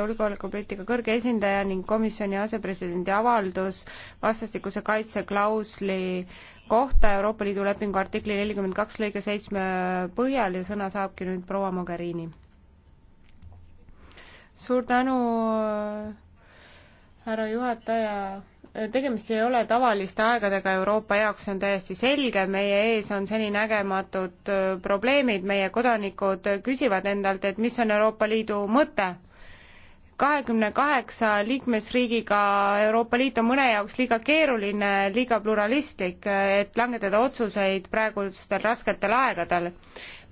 julgeolekupoliitika kõrge esindaja ning komisjoni asepresidendi avaldus vastastikuse kaitse klausli kohta Euroopa Liidu lepingu artikli nelikümmend kaks lõige seitsme põhjal ja sõna saabki nüüd proua Mogherini. suur tänu, härra juhataja tegemist ei ole tavaliste aegadega Euroopa jaoks, see on täiesti selge, meie ees on seninägematud probleemid, meie kodanikud küsivad endalt, et mis on Euroopa Liidu mõte kahekümne kaheksa liikmesriigiga Euroopa Liit on mõne jaoks liiga keeruline, liiga pluralistlik, et langetada otsuseid praegustel rasketel aegadel.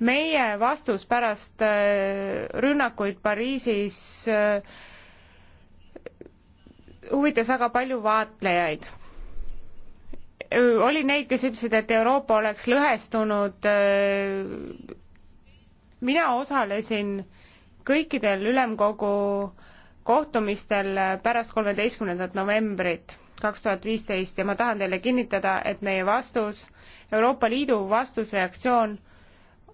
meie vastus pärast äh, rünnakuid Pariisis äh, huvitas väga palju vaatlejaid. oli neid, kes ütlesid, et Euroopa oleks lõhestunud. Äh, mina osalesin kõikidel ülemkogu äh, kohtumistel pärast kolmeteistkümnendat novembrit kaks tuhat viisteist ja ma tahan teile kinnitada, et meie vastus, Euroopa Liidu vastusreaktsioon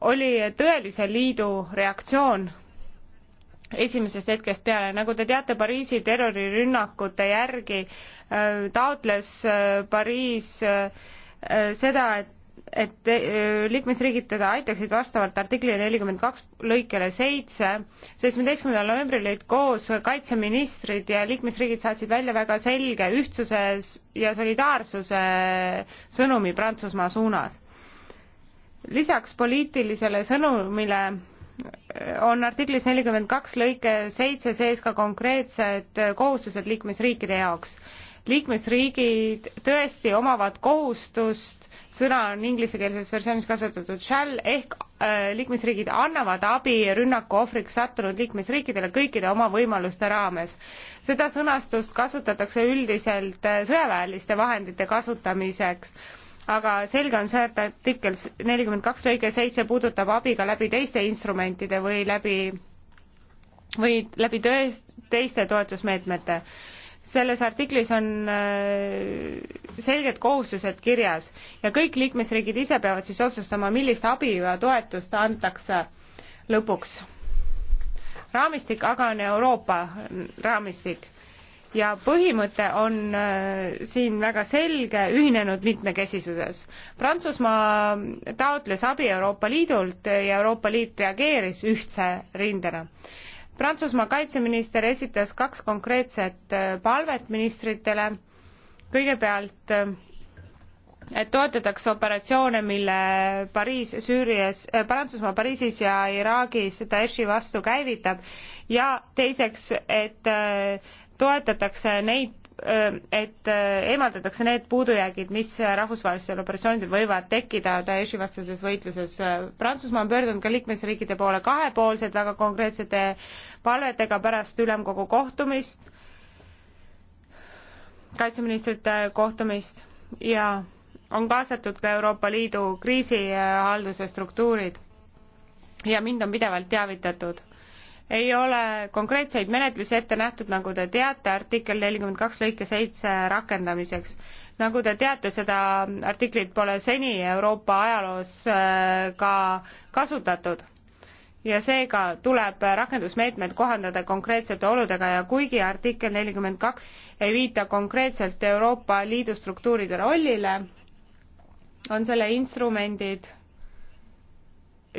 oli tõelise liidu reaktsioon esimesest hetkest peale, nagu te teate, Pariisi terrorirünnakute järgi äh, taotles äh, Pariis äh, seda, et et äh, liikmesriigid teda aitaksid vastavalt artikli nelikümmend kaks lõikele seitse. seitsmeteistkümnendal novembril olid koos kaitseministrid ja liikmesriigid saatsid välja väga selge ühtsuse ja solidaarsuse sõnumi Prantsusmaa suunas. lisaks poliitilisele sõnumile äh, on artiklis nelikümmend kaks lõike seitse sees ka konkreetsed kohustused liikmesriikide jaoks liikmesriigid tõesti omavad kohustust, sõna on inglisekeelses versioonis kasutatud shall ehk äh, liikmesriigid annavad abi rünnaku ohvriks sattunud liikmesriikidele kõikide oma võimaluste raames. seda sõnastust kasutatakse üldiselt äh, sõjaväeliste vahendite kasutamiseks aga selge on see, et artikkel nelikümmend kaks lõige seitse puudutab abi ka läbi teiste instrumentide või läbi või läbi tõest, teiste toetusmeetmete selles artiklis on äh, selged kohustused kirjas ja kõik liikmesriigid ise peavad siis otsustama, millist abi ja toetust antakse lõpuks. raamistik aga on Euroopa raamistik ja põhimõte on äh, siin väga selge, ühinenud mitmekesisuses. Prantsusmaa taotles abi Euroopa Liidult ja Euroopa Liit reageeris ühtse rindena Prantsusmaa kaitseminister esitas kaks konkreetset äh, palvet ministritele. kõigepealt, äh, et toetataks operatsioone, mille Pariis, Süürias, äh, Prantsusmaa Pariisis ja Iraagis Daeshi vastu käivitab ja teiseks, et toetatakse neid Äh, et äh, eemaldatakse need puudujäägid, mis rahvusvahelistel operatsioonidel võivad tekkida Daeshi vastases võitluses. Prantsusmaa on pöördunud ka liikmesriikide poole kahepoolselt väga konkreetsete palvetega pärast ülemkogu kohtumist, kaitseministrite kohtumist ja on kaasatud ka Euroopa Liidu kriisihalduse struktuurid ja mind on pidevalt teavitatud ei ole konkreetseid menetlusi ette nähtud, nagu te teate, artikkel nelikümmend kaks lõike seitse rakendamiseks. nagu te teate, seda artiklit pole seni Euroopa ajaloos äh, ka kasutatud ja seega tuleb rakendusmeetmed kohandada konkreetsete oludega ja kuigi artikkel nelikümmend kaks ei viita konkreetselt Euroopa Liidu struktuuride rollile, on selle instrumendid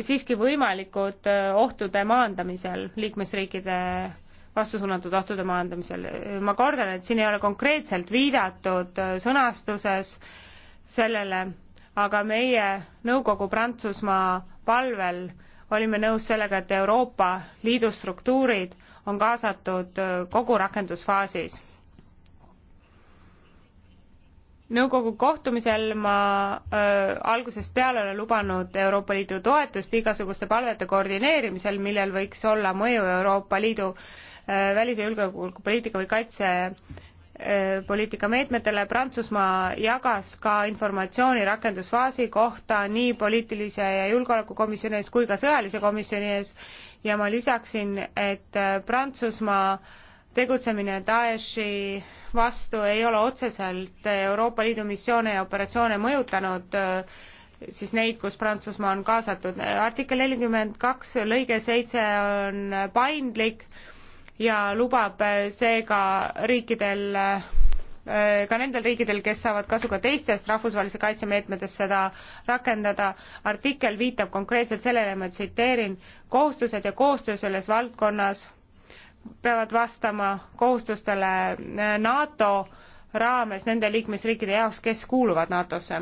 siiski võimalikud ohtude maandamisel, liikmesriikide vastu suunatud ohtude maandamisel. ma kordan, et siin ei ole konkreetselt viidatud sõnastuses sellele, aga meie Nõukogu Prantsusmaa palvel olime nõus sellega, et Euroopa Liidu struktuurid on kaasatud kogu rakendusfaasis nõukogu kohtumisel ma äh, algusest peale olen lubanud Euroopa Liidu toetust igasuguste palvete koordineerimisel, millel võiks olla mõju Euroopa Liidu äh, välis- ja julgeolekupoliitika või kaitse äh, poliitika meetmetele. Prantsusmaa jagas ka informatsiooni rakendusfaasi kohta nii poliitilise ja julgeolekukomisjoni ees kui ka sõjalise komisjoni ees ja ma lisaksin, et Prantsusmaa tegutsemine Daeshi vastu ei ole otseselt Euroopa Liidu missioone ja operatsioone mõjutanud, äh, siis neid, kus Prantsusmaa on kaasatud. artikkel nelikümmend kaks lõige seitse on paindlik ja lubab äh, seega riikidel äh, ka nendel riikidel, kes saavad kasu ka teistest rahvusvahelise kaitse meetmetest seda rakendada. artikkel viitab konkreetselt sellele, ma tsiteerin, kohustused ja koostöö selles valdkonnas peavad vastama kohustustele eh, NATO raames nende liikmesriikide jaoks, kes kuuluvad NATO-sse.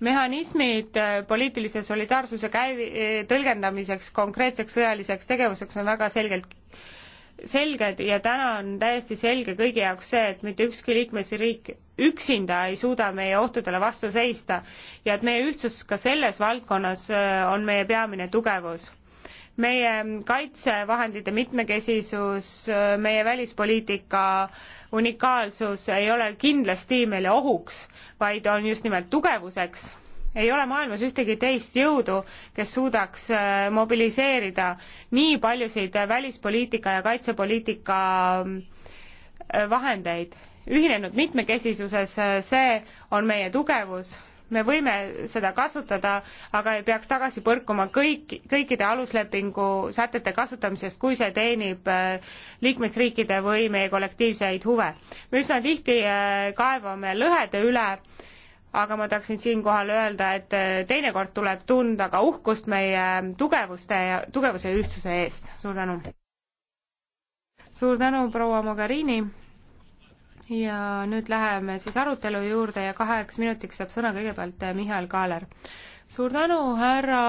mehhanismid eh, poliitilise solidaarsuse käivi-, eh, tõlgendamiseks konkreetseks sõjaliseks tegevuseks on väga selgelt selged ja täna on täiesti selge kõigi jaoks see, et mitte ükski liikmesriik üksinda ei suuda meie ohtudele vastu seista ja et meie ühtsus ka selles valdkonnas on meie peamine tugevus meie kaitsevahendite mitmekesisus, meie välispoliitika unikaalsus ei ole kindlasti meile ohuks, vaid on just nimelt tugevuseks. ei ole maailmas ühtegi teist jõudu, kes suudaks äh, mobiliseerida nii paljusid välispoliitika ja kaitsepoliitika äh, vahendeid. ühinenud mitmekesisuses, äh, see on meie tugevus me võime seda kasutada, aga ei peaks tagasi põrkuma kõik, kõikide aluslepingu sätete kasutamisest, kui see teenib äh, liikmesriikide või meie kollektiivseid huve. me üsna tihti äh, kaevame lõhede üle, aga ma tahaksin siinkohal öelda, et äh, teinekord tuleb tunda ka uhkust meie tugevuste ja, tugevuse ja ühtsuse eest. suur tänu! suur tänu, proua Mogherini! ja nüüd läheme siis arutelu juurde ja kaheks minutiks saab sõna kõigepealt eh, Mihhail Kaaler. suur tänu, härra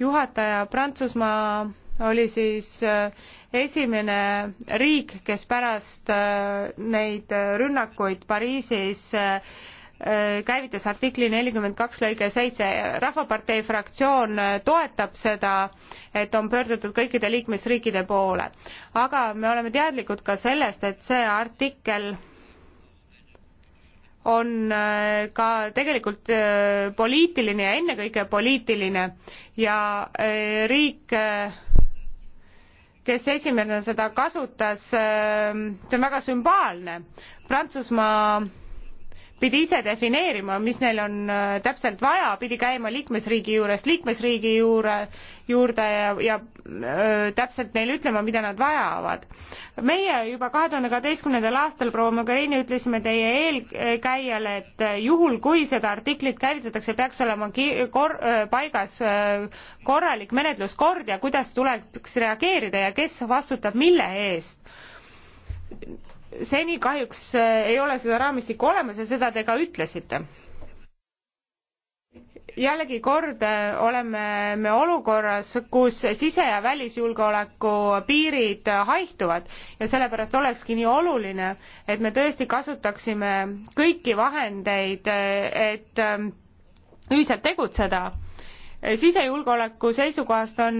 juhataja, Prantsusmaa oli siis eh, esimene riik, kes pärast eh, neid rünnakuid Pariisis Äh, käivitas artikli nelikümmend kaks lõige seitse. rahvapartei fraktsioon äh, toetab seda, et on pöördutud kõikide liikmesriikide poole. aga me oleme teadlikud ka sellest, et see artikkel on äh, ka tegelikult poliitiline ja ennekõike poliitiline ja riik kes esimene seda kasutas, see on väga sümboolne. Prantsusmaa pidi ise defineerima, mis neil on äh, täpselt vaja, pidi käima liikmesriigi juurest liikmesriigi juure, juurde ja, ja öö, äh, täpselt neile ütlema, mida nad vajavad. meie juba kahe tuhande kaheteistkümnendal aastal proua Mogherini ütlesime teie eelkäijale, et äh, juhul, kui seda artiklit käivitatakse, peaks olema ki-, kor-, paigas korralik menetluskord ja kuidas tuleks reageerida ja kes vastutab mille eest seni kahjuks äh, ei ole seda raamistikku olemas ja seda te ka ütlesite. jällegi kord äh, oleme me olukorras, kus sise- ja välisjulgeoleku piirid haihtuvad ja sellepärast olekski nii oluline, et me tõesti kasutaksime kõiki vahendeid, äh, et ähm, ühiselt tegutseda sisejulgeoleku seisukohast on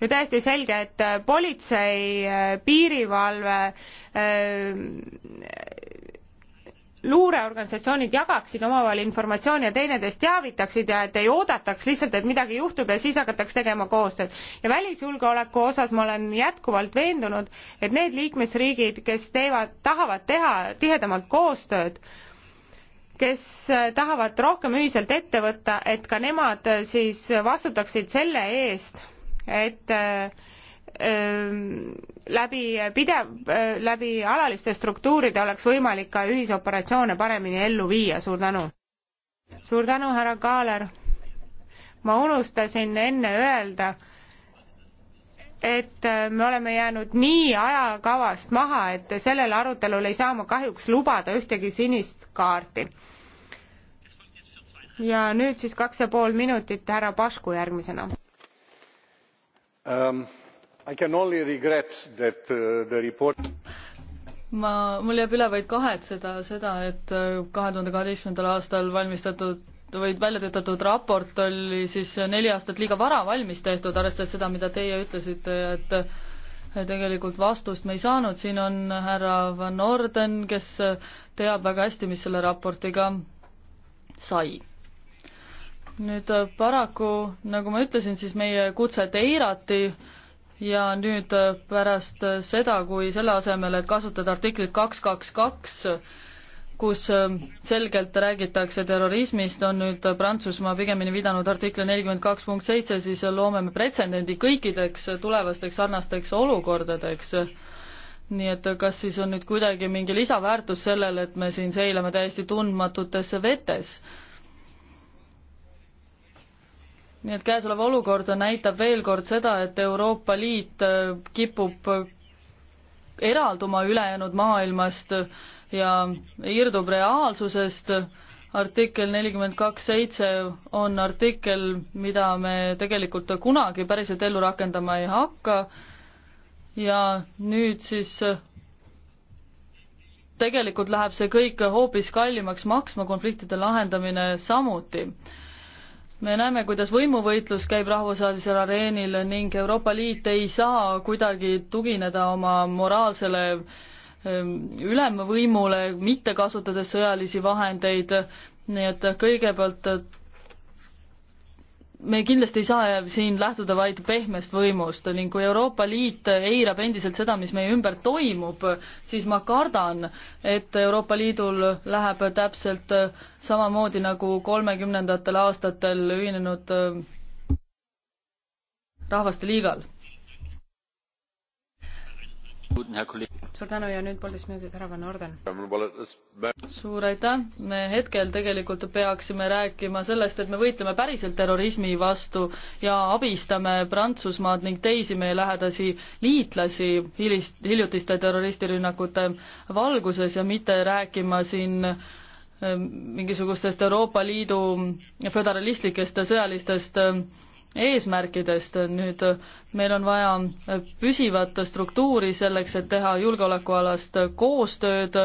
ju täiesti selge, et politsei, piirivalve, äh, luureorganisatsioonid jagaksid omavahel informatsiooni ja teineteist teavitaksid ja et ei oodataks lihtsalt, et midagi juhtub ja siis hakataks tegema koostööd. ja välisjulgeoleku osas ma olen jätkuvalt veendunud, et need liikmesriigid, kes teevad, tahavad teha tihedamalt koostööd äh, kes äh, tahavad rohkem ühiselt ette võtta, et ka nemad äh, siis vastutaksid selle eest, et äh, ähm, läbi pidev, läbi alaliste struktuuride oleks võimalik ka ühisoperatsioone paremini ellu viia, suur tänu. suur tänu, härra Kaaler. ma unustasin enne öelda et äh, me oleme jäänud nii ajakavast maha, et sellel arutelul ei saa ma kahjuks lubada ühtegi sinist kaarti. ja nüüd siis kaks ja pool minutit härra Pašku järgmisena um,. Uh, report... ma, mul jääb üle vaid kahetseda seda, et äh, kahe tuhande kaheteistkümnendal aastal valmistatud või välja töötatud raport oli siis neli aastat liiga vara valmis tehtud, arvestades seda, mida teie ütlesite, et tegelikult vastust me ei saanud, siin on härra Van Orden, kes teab väga hästi, mis selle raportiga sai. nüüd paraku, nagu ma ütlesin, siis meie kutset eirati ja nüüd pärast seda, kui selle asemel, et kasutada artiklit kaks, kaks, kaks, kus ähm, selgelt räägitakse terrorismist, on nüüd Prantsusmaa pigemini viidanud artikli nelikümmend kaks punkt seitse, siis loome me pretsedendi kõikideks tulevasteks sarnasteks olukordadeks. nii et kas siis on nüüd kuidagi mingi lisaväärtus sellel, et me siin seilame täiesti tundmatutesse vetes? nii et käesolev olukord näitab veel kord seda, et Euroopa Liit äh, kipub eralduma ülejäänud maailmast ja irdub reaalsusest. artikkel nelikümmend kaks seitse on artikkel, mida me tegelikult kunagi päriselt ellu rakendama ei hakka ja nüüd siis tegelikult läheb see kõik hoopis kallimaks maksma, konfliktide lahendamine samuti. me näeme, kuidas võimuvõitlus käib rahvusvahelisel areenil ning Euroopa Liit ei saa kuidagi tugineda oma moraalsele Ehm, ülemvõimule, mitte kasutades sõjalisi vahendeid, nii et kõigepealt me kindlasti ei saa siin lähtuda vaid pehmest võimust ning kui Euroopa Liit eirab endiselt seda, mis meie ümber toimub, siis ma kardan, et Euroopa Liidul läheb täpselt samamoodi nagu kolmekümnendatel aastatel ühinenud ehm, Rahvaste Liigal suur tänu ja nüüd poolteist minutit, härra Van Orden. suur aitäh, me hetkel tegelikult peaksime rääkima sellest, et me võitleme päriselt terrorismi vastu ja abistame Prantsusmaad ning teisi meie lähedasi liitlasi hilist, hiljutiste terroristirünnakute valguses ja mitte rääkima siin ehm, mingisugustest Euroopa Liidu föderalistlikest sõjalistest ehm, eesmärkidest, nüüd meil on vaja püsivat struktuuri selleks, et teha julgeolekualast koostööd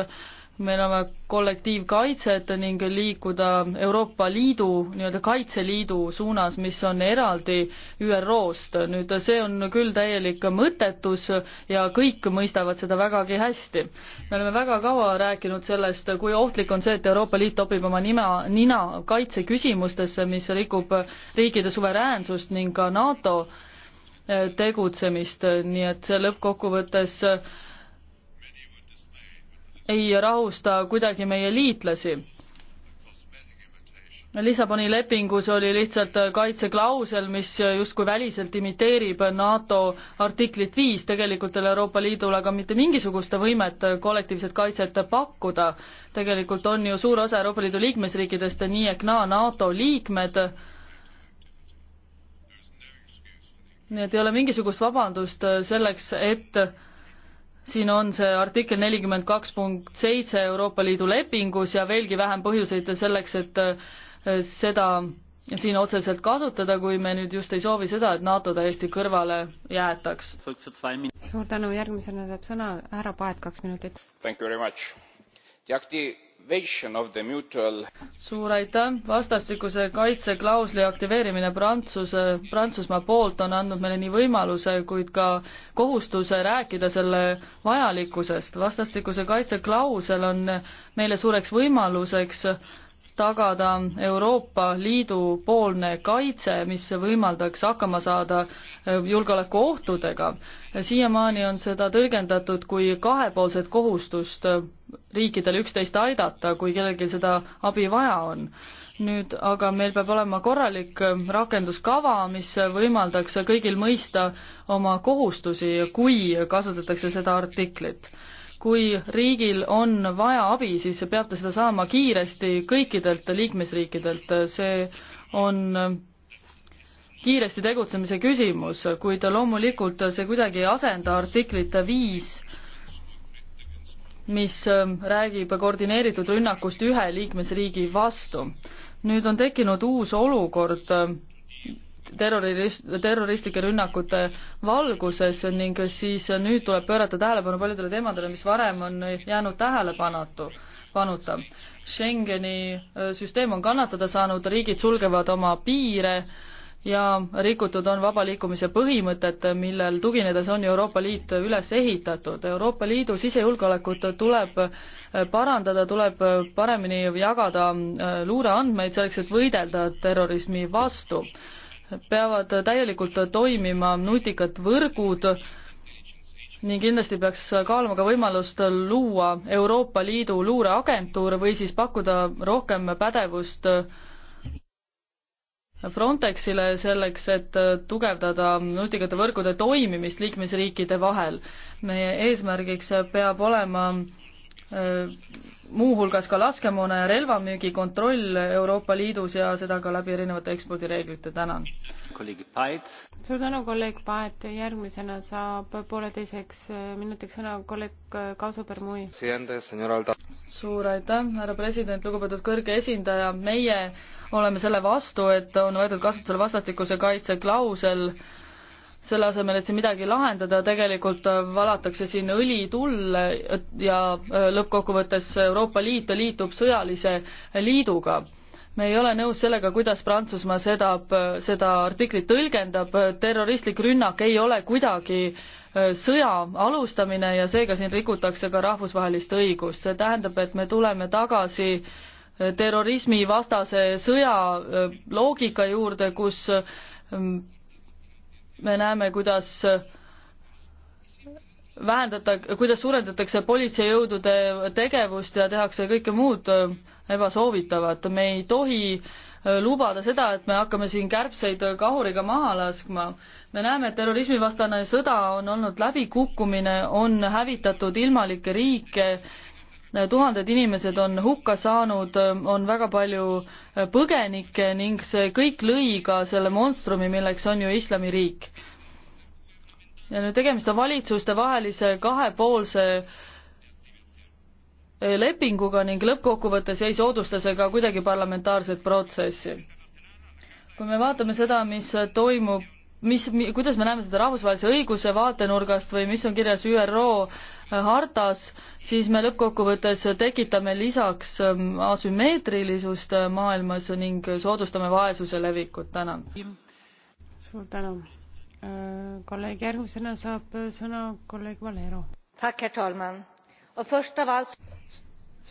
meil on vaja kollektiivkaitset ning liikuda Euroopa Liidu, nii-öelda Kaitseliidu suunas, mis on eraldi ÜRO-st. nüüd see on küll täielik mõttetus ja kõik mõistavad seda vägagi hästi. me oleme väga kaua rääkinud sellest, kui ohtlik on see, et Euroopa Liit topib oma nime, nina kaitseküsimustesse, mis rikub riikide suveräänsust ning ka NATO tegutsemist, nii et lõppkokkuvõttes ei rahusta kuidagi meie liitlasi. Lissaboni lepingus oli lihtsalt kaitseklausel, mis justkui väliselt imiteerib NATO artiklit viis, tegelikult ei ole Euroopa Liidul aga mitte mingisugust võimet kollektiivset kaitset pakkuda. tegelikult on ju suur osa Euroopa Liidu liikmesriikidest nii ehk naa NATO liikmed, nii et ei ole mingisugust vabandust selleks, et siin on see artikkel nelikümmend kaks punkt seitse Euroopa Liidu lepingus ja veelgi vähem põhjuseid selleks, et äh, seda siin otseselt kasutada, kui me nüüd just ei soovi seda, et NATO täiesti kõrvale jäetaks. suur tänu, järgmisena saab sõna härra Paet, kaks minutit. Akti suur aitäh, vastastikuse kaitse klausli aktiveerimine Prantsuse, Prantsusmaa poolt on andnud meile nii võimaluse, kuid ka kohustuse rääkida selle vajalikkusest. vastastikuse kaitse klausel on meile suureks võimaluseks tagada Euroopa Liidu poolne kaitse, mis võimaldaks hakkama saada äh, julgeolekuohtudega. siiamaani on seda tõlgendatud kui kahepoolset kohustust äh, riikidel üksteist aidata, kui kellelgi seda abi vaja on. nüüd aga meil peab olema korralik äh, rakenduskava, mis võimaldaks kõigil mõista oma kohustusi, kui kasutatakse seda artiklit kui riigil on vaja abi, siis peab ta seda saama kiiresti kõikidelt liikmesriikidelt, see on kiiresti tegutsemise küsimus, kuid loomulikult see kuidagi ei asenda artiklit viis, mis räägib koordineeritud rünnakust ühe liikmesriigi vastu. nüüd on tekkinud uus olukord terrorist, terroristlike rünnakute valguses ning siis nüüd tuleb pöörata tähelepanu paljudele teemadele, mis varem on jäänud tähelepanatu, panuta. Schengeni äh, süsteem on kannatada saanud, riigid sulgevad oma piire ja rikutud on vaba liikumise põhimõtet, millel tuginedes on Euroopa Liit üles ehitatud. Euroopa Liidu sisejulgeolekut tuleb äh, parandada, tuleb äh, paremini jagada luureandmeid selleks, et võidelda terrorismi vastu peavad täielikult toimima nutikad võrgud ning kindlasti peaks kaaluma ka võimalust luua Euroopa Liidu luureagentuur või siis pakkuda rohkem pädevust Frontexile selleks, et tugevdada nutikate võrgude toimimist liikmesriikide vahel. meie eesmärgiks peab olema muuhulgas ka laskemoona ja relvamüügi kontroll Euroopa Liidus ja seda ka läbi erinevate ekspordireeglite, tänan. suur tänu, kolleeg Paet, järgmisena saab pooleteiseks minutiks sõna kolleeg Kausu-Permui. suur aitäh, härra president, lugupeetud kõrge esindaja, meie oleme selle vastu, et on võetud kasutusele vastastikuse kaitse klausel selle asemel, et siin midagi lahendada, tegelikult äh, valatakse siin õli tulle ja äh, lõppkokkuvõttes Euroopa Liit liitub sõjalise liiduga. me ei ole nõus sellega, kuidas Prantsusmaa seda, äh, seda artiklit tõlgendab, terroristlik rünnak ei ole kuidagi sõja alustamine ja seega siin rikutakse ka rahvusvahelist õigust, see tähendab, et me tuleme tagasi terrorismivastase sõja loogika juurde, kus me näeme, kuidas vähendata, kuidas suurendatakse politseijõudude tegevust ja tehakse kõike muud ebasoovitavat, me ei tohi lubada seda, et me hakkame siin kärbseid kahuriga maha laskma. me näeme, et terrorismivastane sõda on olnud läbikukkumine, on hävitatud ilmalikke riike, tuhanded inimesed on hukka saanud, on väga palju äh, põgenikke ning see kõik lõi ka selle monstrumi, milleks on ju islamiriik. ja nüüd tegemist on valitsustevahelise kahepoolse äh, lepinguga ning lõppkokkuvõttes ei soodusta see ka kuidagi parlamentaarset protsessi. kui me vaatame seda, mis toimub mis, kuidas me näeme seda rahvusvahelise õiguse vaatenurgast või mis on kirjas ÜRO hartas, siis me lõppkokkuvõttes tekitame lisaks ähm, asümmeetrilisust äh, maailmas ning soodustame vaesuse levikut, tänan. suur tänu. Äh, kolleeg järgmisena saab sõna kolleeg Valero.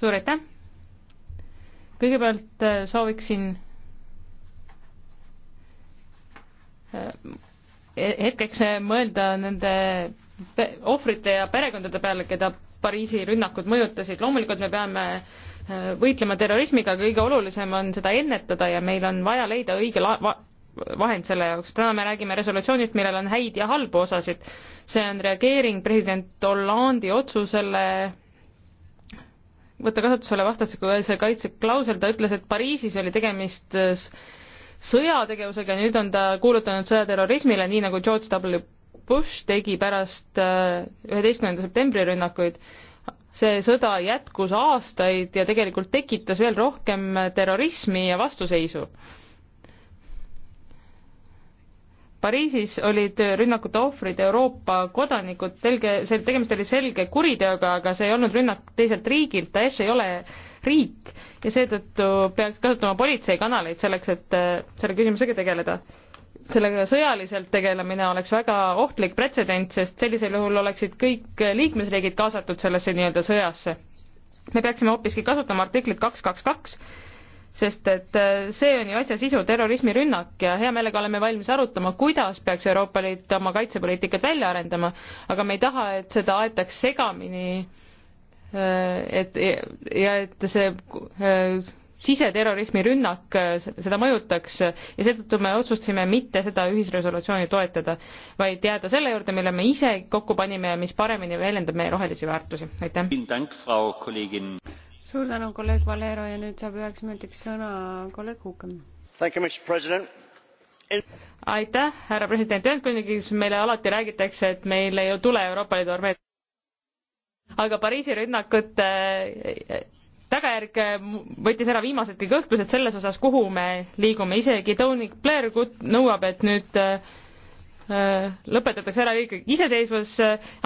suur aitäh. kõigepealt äh, sooviksin Äh, hetkeks äh, mõelda nende ohvrite ja perekondade peale, keda Pariisi rünnakud mõjutasid, loomulikult me peame äh, võitlema terrorismiga, kõige olulisem on seda ennetada ja meil on vaja leida õige la-, va vahend selle jaoks. täna me räägime resolutsioonist, millel on häid ja halbu osasid. see on reageering president Hollandi otsusele võtta kasutusele vastastikuse kaitse klausel, ta ütles, et Pariisis oli tegemist sõjategevusega ja nüüd on ta kuulutanud sõja terrorismile, nii nagu George W Bush tegi pärast äh, üheteistkümnenda septembri rünnakuid. see sõda jätkus aastaid ja tegelikult tekitas veel rohkem terrorismi ja vastuseisu. Pariisis olid rünnakute ohvrid Euroopa kodanikud, selge, see tegemist oli selge kuriteoga, aga see ei olnud rünnak teiselt riigilt, Daesh ei ole riik ja seetõttu peaks kasutama politseikanaleid selleks, et äh, selle küsimusega tegeleda. sellega sõjaliselt tegelemine oleks väga ohtlik pretsedent, sest sellisel juhul oleksid kõik liikmesriigid kaasatud sellesse nii-öelda sõjasse. me peaksime hoopiski kasutama artiklit kaks, kaks, kaks, sest et äh, see on ju asja sisu, terrorismirünnak ja hea meelega oleme valmis arutama, kuidas peaks Euroopa Liit oma kaitsepoliitikat välja arendama, aga me ei taha, et seda aetaks segamini et ja et see äh, siseterrorismi rünnak äh, seda mõjutaks ja seetõttu me otsustasime mitte seda ühisresolutsiooni toetada, vaid jääda selle juurde, mille me ise kokku panime ja mis paremini väljendab meie rohelisi väärtusi. aitäh! suur tänu, kolleeg Valero ja nüüd saab üheks minutiks sõna kolleeg Huukem. aitäh, härra president Ühendkuningriigis meile alati räägitakse, et meil ei tule Euroopa Liidu armeed aga Pariisi rünnakute eh, tagajärg eh, võttis ära viimasedki kõhklused selles osas, kuhu me liigume, isegi Tony Blair nõuab, et nüüd eh, lõpetatakse ära riiklik iseseisvus,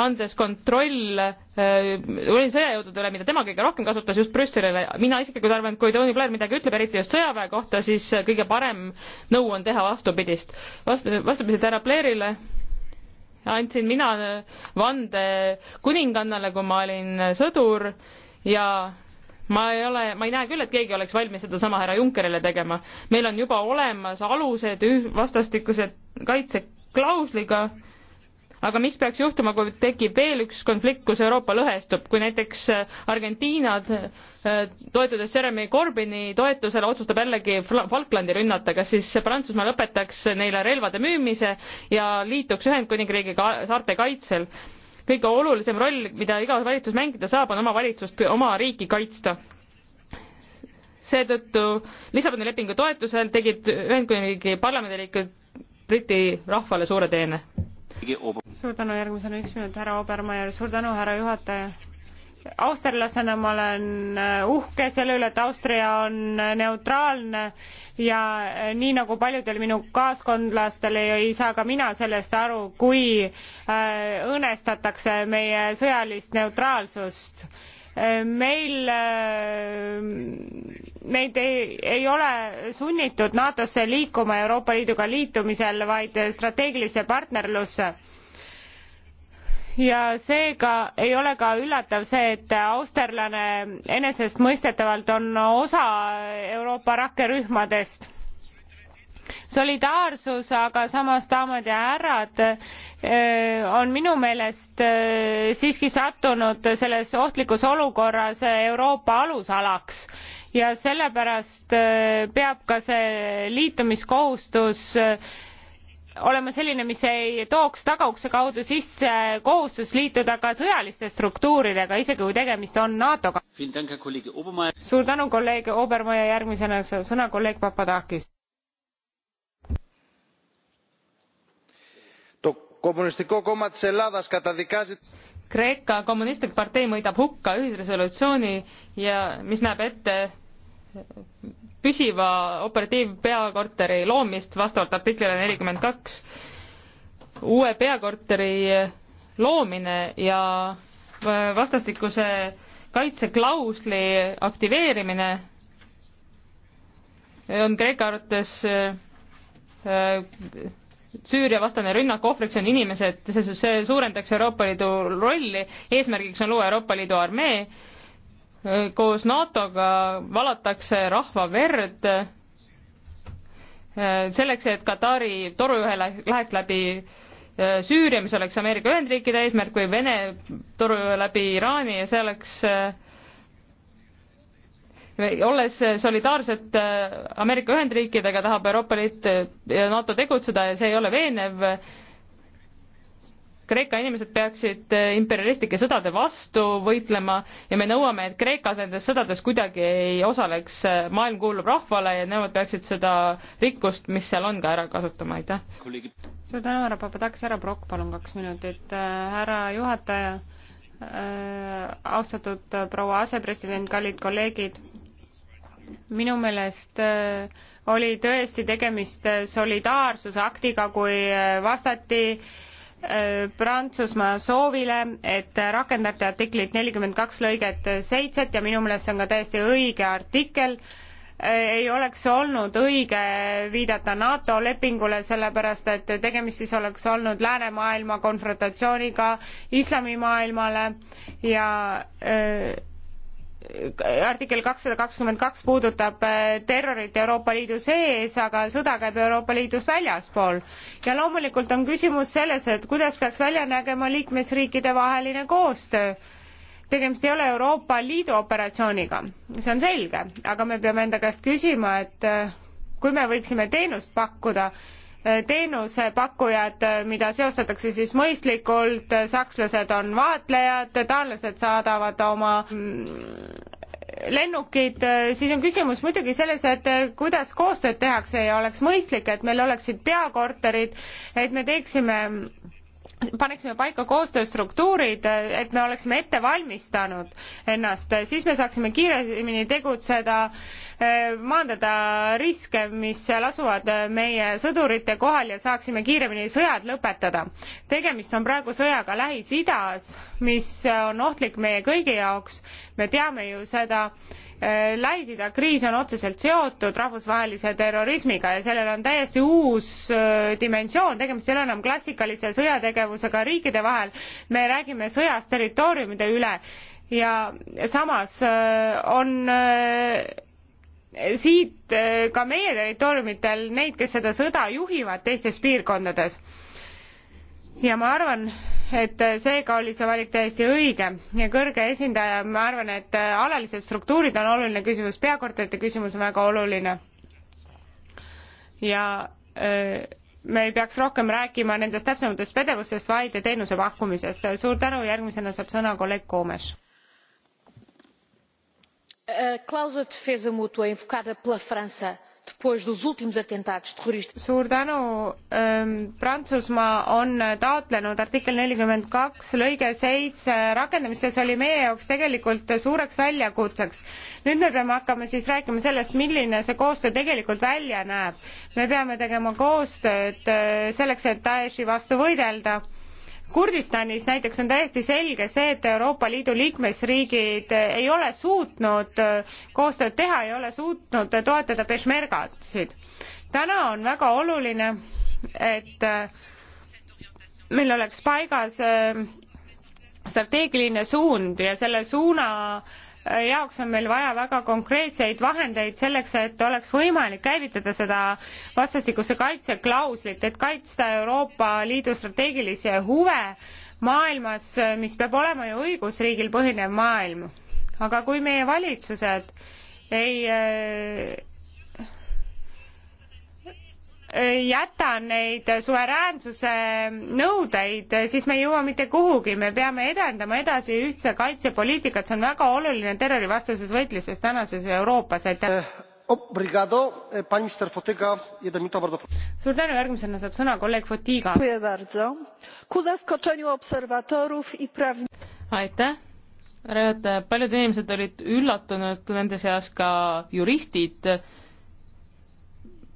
andes kontroll olin sõjajõudude üle, mida tema kõige rohkem kasutas just Brüsselile. mina isiklikult arvan, et kui Tony Blair midagi ütleb, eriti just sõjaväe kohta, siis kõige parem nõu on teha vastupidist. vastu, vastupidiselt härra Blairile andsin mina vande kuningannale, kui ma olin sõdur ja ma ei ole, ma ei näe küll, et keegi oleks valmis sedasama härra Junckerile tegema. meil on juba olemas alused vastastikused kaitseklausliga aga mis peaks juhtuma, kui tekib veel üks konflikt, kus Euroopa lõhestub, kui näiteks äh, Argentiina äh, toetudes Jeremy Corbyni toetusele otsustab jällegi Falklandi rünnata, kas siis Prantsusmaa lõpetaks neile relvade müümise ja liituks Ühendkuningriigiga saarte kaitsel? kõige olulisem roll, mida iga valitsus mängida saab, on oma valitsust, oma riiki kaitsta seetõttu Lissaboni lepingu toetusel tegid Ühendkuningriigi parlamendiliikmed Briti rahvale suure teene suur tänu, järgmisena üks minut, härra Obermeier, suur tänu, härra juhataja. austerlasena ma olen äh, uhke selle üle, et Austria on äh, neutraalne ja äh, nii nagu paljudel minu kaaskondlastel ei, ei saa ka mina sellest aru, kui õõnestatakse meie sõjalist neutraalsust meil äh, meid ei, ei ole sunnitud NATO-sse liikuma Euroopa Liiduga liitumisel, vaid strateegilisse partnerlusse. ja seega ei ole ka üllatav see, et austerlane enesestmõistetavalt on osa Euroopa rakkerühmadest solidaarsus, aga samas, daamad ja härrad, eh, on minu meelest eh, siiski sattunud selles ohtlikus olukorras Euroopa alusalaks ja sellepärast eh, peab ka see liitumiskohustus olema selline mis ei tooks tagaukse kaudu sisse kohustust liituda ka sõjaliste struktuuridega isegi kui tegemist on natoga. suur tänu kolleeg obermeier järgmisena saab sõna kolleeg papadakis. kommunistlikku kommat Seladas katadikaasi Kreeka kommunistlik partei mõidab hukka ühisresolutsiooni ja mis näeb ette püsiva operatiivpeakorteri loomist vastavalt artiklile nelikümmend kaks. uue peakorteri loomine ja äh, vastastikuse kaitseklausli aktiveerimine on Kreeka arvates äh, äh, Süüria vastane rünnak ohvriks on inimesed, see, see suurendaks Euroopa Liidu rolli, eesmärgiks on luua Euroopa Liidu armee, koos NATO-ga valatakse rahva verd selleks, et Katari torujuhe läheks läbi äh, Süüria, mis oleks Ameerika Ühendriikide eesmärk, või Vene torujuhe läbi Iraani ja see oleks äh, olles solidaarsed äh, Ameerika Ühendriikidega, tahab Euroopa Liit äh, ja NATO tegutseda ja see ei ole veenev. Kreeka inimesed peaksid äh, imperialistlike sõdade vastu võitlema ja me nõuame, et Kreeka nendes sõdades kuidagi ei osaleks, maailm kuulub rahvale ja nemad peaksid seda rikkust, mis seal on, ka ära kasutama, aitäh. suur tänu, härra Papadakis, härra Prokk, palun kaks minutit, härra juhataja austatud proua asepresident, kallid kolleegid, minu meelest äh, oli tõesti tegemist äh, solidaarsusaktiga, kui äh, vastati Prantsusmaa soovile, et rakendate artiklit nelikümmend kaks lõiget seitset ja minu meelest see on ka täiesti õige artikkel, ei oleks olnud õige viidata NATO lepingule, sellepärast et tegemist siis oleks olnud läänemaailma konfrontatsiooniga islamimaailmale ja öö, artikkel kakssada kakskümmend kaks puudutab äh, terrorit Euroopa Liidu sees, aga sõda käib Euroopa Liidust väljaspool. ja loomulikult on küsimus selles, et kuidas peaks välja nägema liikmesriikide vaheline koostöö. tegemist ei ole Euroopa Liidu operatsiooniga, see on selge, aga me peame enda käest küsima, et äh, kui me võiksime teenust pakkuda, Äh, teenusepakkujad, äh, mida seostatakse siis mõistlikult, äh, sakslased on vaatlejad, taanlased saadavad oma mm, lennukid, siis on küsimus muidugi selles, et kuidas koostööd tehakse ja oleks mõistlik, et meil oleksid peakorterid, et me teeksime paneksime paika koostööstruktuurid, et me oleksime ette valmistanud ennast, siis me saaksime kiiremini tegutseda äh, Äh, maandada riske, mis seal asuvad meie sõdurite kohal ja saaksime kiiremini sõjad lõpetada. tegemist on praegu sõjaga Lähis-Idas, mis on ohtlik meie kõigi jaoks, me teame ju seda, äh, Lähis-Ida kriis on otseselt seotud rahvusvahelise terrorismiga ja sellel on täiesti uus äh, dimensioon, tegemist ei ole enam klassikalise sõjategevusega riikide vahel, me räägime sõjast territooriumide üle ja samas on siit äh, ka meie territooriumitel neid, kes seda sõda juhivad teistes piirkondades. ja ma arvan, et äh, seega oli see valik täiesti õige ja kõrge esindaja, ma arvan, et äh, alalised struktuurid on oluline küsimus, peakorterite küsimus on väga oluline. ja öö, me ei peaks rohkem rääkima nendest täpsematest pädevustest, vaid teenuse pakkumisest. suur tänu, järgmisena saab sõna kolleeg Koomes a cláusula de defesa mútua invocada pela frança depois dos últimos atentados terroristas. suur tänu prantsusmaa on taotlenud artikkel lõige rakendamist ja see oli meie jaoks tegelikult suureks väljakutseks. nüüd me peame hakkama siis rääkima sellest milline see koostöö tegelikult välja näeb. me peame tegema koostööd äh, selleks et daeshi vastu võidelda Kurdistanis näiteks on täiesti selge see, et Euroopa Liidu liikmesriigid ei ole suutnud äh, koostööd teha, ei ole suutnud toetada peshmergasid. täna on väga oluline, et äh, meil oleks paigas äh, strateegiline suund ja selle suuna jaoks on meil vaja väga konkreetseid vahendeid selleks, et oleks võimalik käivitada seda vastastikuse kaitse klauslit, et kaitsta Euroopa Liidu strateegilisi huve maailmas, mis peab olema ju õigusriigil põhinev maailm. aga kui meie valitsused ei äh, jäta neid suveräänsuse nõudeid, siis me ei jõua mitte kuhugi, me peame edendama edasi ühtse kaitsepoliitikat, see on väga oluline terrorivastases võitluses tänases Euroopas, aitäh. Eh, eh, suur tänu, järgmisena saab sõna kolleeg Fotiga. aitäh, paljud inimesed olid üllatunud, nende seas ka juristid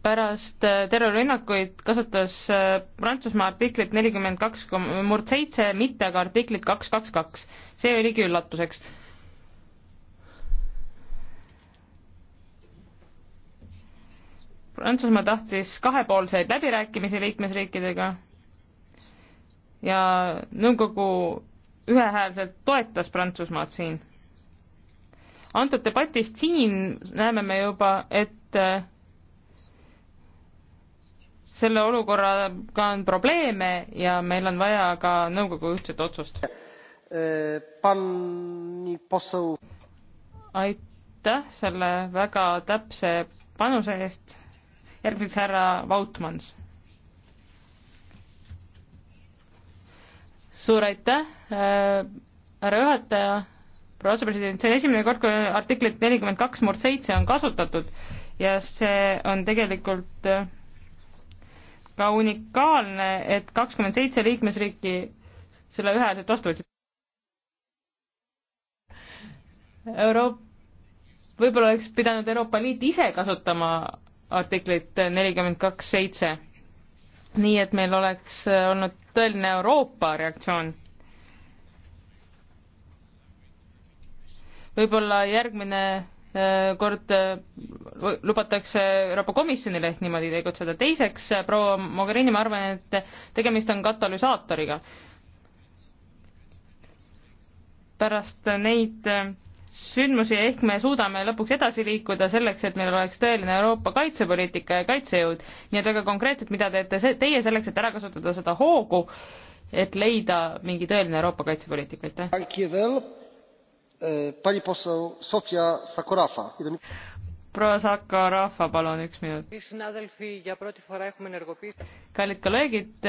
pärast äh, terrorirünnakuid kasutas äh, Prantsusmaa artiklit nelikümmend kaks murd seitse, mitte aga artiklit kaks kaks kaks. see oligi üllatuseks. Prantsusmaa tahtis kahepoolseid läbirääkimisi liikmesriikidega ja nõukogu ühehäälselt toetas Prantsusmaad siin. antud debatist siin näeme me juba, et äh, selle olukorraga on probleeme ja meil on vaja ka nõukogu ühtset otsust. aitäh selle väga täpse panuse eest. järgmiseks härra Vautmans. suur aitäh, äh, härra juhataja, proua asepresident, see on esimene kord, kui artiklit nelikümmend kaks murd seitse on kasutatud ja see on tegelikult äh, ka unikaalne, et kakskümmend seitse liikmesriiki selle ühehäälselt vastu võtsid. Euroop-, võib-olla oleks pidanud Euroopa Liit ise kasutama artiklit nelikümmend kaks seitse, nii et meil oleks olnud tõeline Euroopa reaktsioon. võib-olla järgmine kord äh, lubatakse Euroopa Komisjonile ehk niimoodi tegutseda. teiseks, äh, proua Mogherini, ma arvan, et tegemist on katalüsaatoriga. pärast neid äh, sündmusi ehk me suudame lõpuks edasi liikuda selleks, et meil oleks tõeline Euroopa kaitsepoliitika ja kaitsejõud. nii et väga konkreetselt, mida teete teie selleks, et ära kasutada seda hoogu, et leida mingi tõeline Euroopa kaitsepoliitika, aitäh? E, proua Sakorafa, palun üks minut. kallid kolleegid,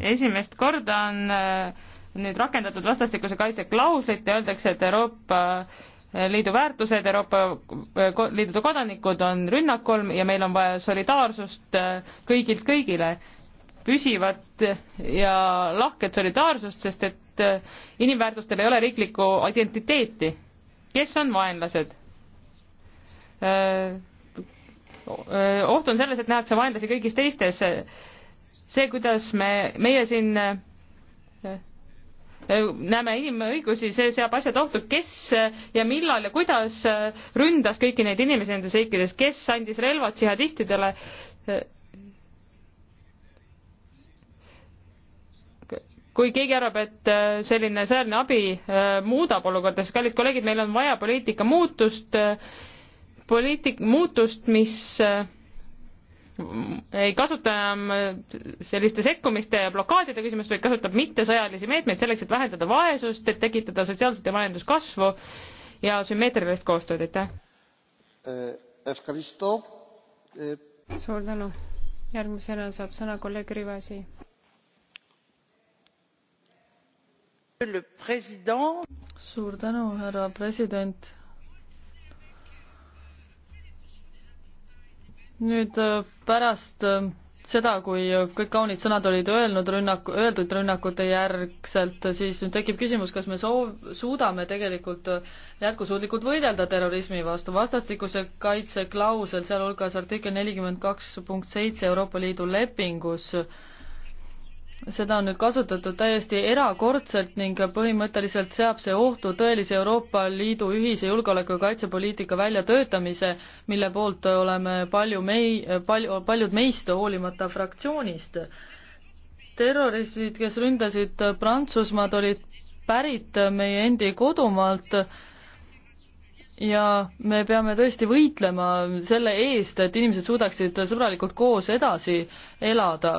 esimest korda on äh, nüüd rakendatud vastastikuse kaitse klauslit ja öeldakse, et Euroopa äh, Liidu väärtused, Euroopa äh, Liidu kodanikud on rünnakul ja meil on vaja solidaarsust kõigilt kõigile, püsivat ja lahket solidaarsust, sest et et äh, inimväärtustel ei ole riiklikku identiteeti. kes on vaenlased? Äh, äh, oht on selles, et nähakse vaenlasi kõigis teistes. see, kuidas me, meie siin näeme inimõigusi, see seab asjad ohtu, kes ja millal ja kuidas ründas kõiki neid inimesi nendes riikides, kes andis relvad džihadistidele kui keegi arvab, et äh, selline sõjaline abi äh, muudab olukorda, siis kallid kolleegid, meil on vaja poliitika muutust, äh, poliitik-, muutust, mis ei kasuta enam selliste sekkumiste ja blokaadide küsimust, vaid kasutab mittesõjalisi meetmeid selleks, et vähendada vaesust, et tekitada sotsiaalset ja majanduskasvu ja sümmeetrilist koostööd, aitäh! suur tänu! järgmisena saab sõna kolleeg Rivasi suur tänu, härra president. nüüd äh, pärast äh, seda, kui äh, kõik kaunid sõnad olid öelnud rünnaku, öeldud rünnakute järgselt, siis nüüd tekib küsimus, kas me soov, suudame tegelikult jätkusuutlikult võidelda terrorismi vastu. vastastikuse kaitse klausel, sealhulgas artikkel nelikümmend kaks punkt seitse Euroopa Liidu lepingus äh, seda on nüüd kasutatud täiesti erakordselt ning põhimõtteliselt seab see ohtu tõelise Euroopa Liidu ühise julgeoleku- ja kaitsepoliitika väljatöötamise, mille poolt oleme palju mei-, palju, paljud meist hoolimata fraktsioonist. terroristid, kes ründasid Prantsusmaad, olid pärit meie endi kodumaalt ja me peame tõesti võitlema selle eest, et inimesed suudaksid sõbralikult koos edasi elada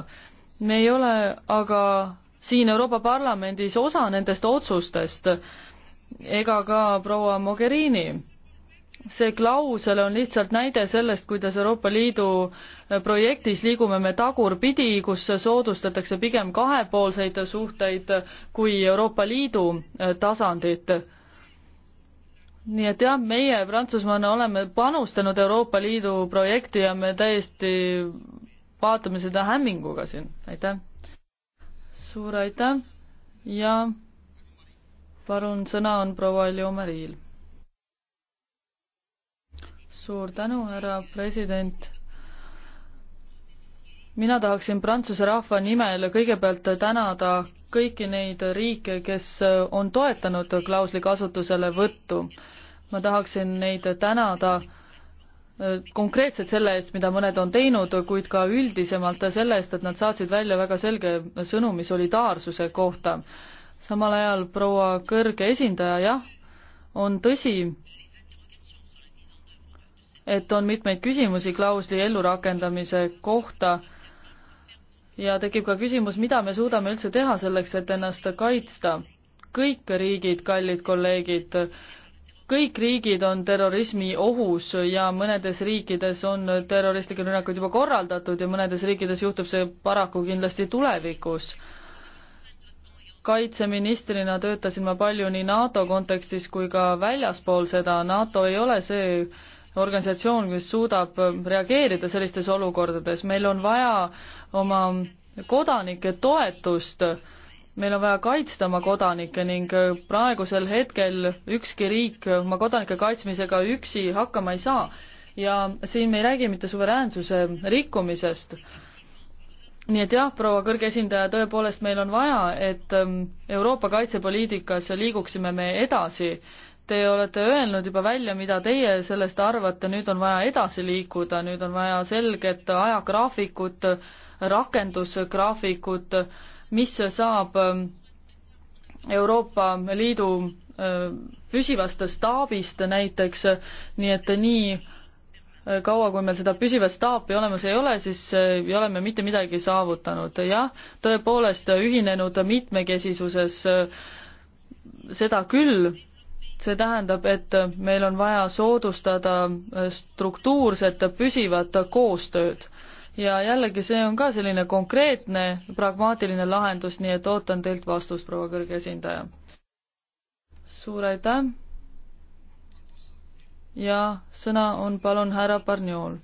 me ei ole aga siin Euroopa Parlamendis osa nendest otsustest ega ka proua Mogherini. see klausel on lihtsalt näide sellest, kuidas Euroopa Liidu projektis liigume me tagurpidi, kus soodustatakse pigem kahepoolseid suhteid kui Euroopa Liidu tasandit nii et jah, meie Prantsusmaana oleme panustanud Euroopa Liidu projekti ja me täiesti vaatame seda hämminguga siin, aitäh. suur aitäh ja palun, sõna on proua Eljo-Mariil. suur tänu, härra president. mina tahaksin Prantsuse rahva nimel kõigepealt tänada kõiki neid riike, kes on toetanud klausli kasutuselevõttu. ma tahaksin neid tänada konkreetselt selle eest, mida mõned on teinud, kuid ka üldisemalt selle eest, et nad saatsid välja väga selge sõnumi solidaarsuse kohta. samal ajal proua kõrge esindaja, jah, on tõsi, et on mitmeid küsimusi klausli ellurakendamise kohta ja tekib ka küsimus, mida me suudame üldse teha selleks, et ennast kaitsta. kõik riigid, kallid kolleegid, kõik riigid on terrorismi ohus ja mõnedes riikides on terroristlikke rünnakuid juba korraldatud ja mõnedes riikides juhtub see paraku kindlasti tulevikus. kaitseministrina töötasin ma palju nii NATO kontekstis kui ka väljaspool seda, NATO ei ole see organisatsioon, kes suudab reageerida sellistes olukordades, meil on vaja oma kodanike toetust äh, meil on vaja kaitsta oma kodanikke ning äh, praegusel hetkel ükski riik oma kodanike kaitsmisega üksi hakkama ei saa. ja siin me ei räägi mitte suveräänsuse rikkumisest. nii et jah, proua kõrge esindaja, tõepoolest meil on vaja, et ähm, Euroopa kaitsepoliitikas liiguksime me edasi. Te olete öelnud juba välja, mida teie sellest arvate, nüüd on vaja edasi liikuda, nüüd on vaja selget ajagraafikut, rakendusgraafikut mis saab ähm, Euroopa Liidu äh, püsivast staabist näiteks, nii et nii äh, kaua, kui meil seda püsivat staapi olemas ei ole, siis äh, ei ole me mitte midagi saavutanud. jah, tõepoolest ühinenud mitmekesisuses, seda küll, see tähendab, et meil on vaja soodustada struktuurset püsivat koostööd ja jällegi, see on ka selline konkreetne pragmaatiline lahendus, nii et ootan teilt vastust, proua kõrge esindaja. suur aitäh! ja sõna on palun härra Barniol.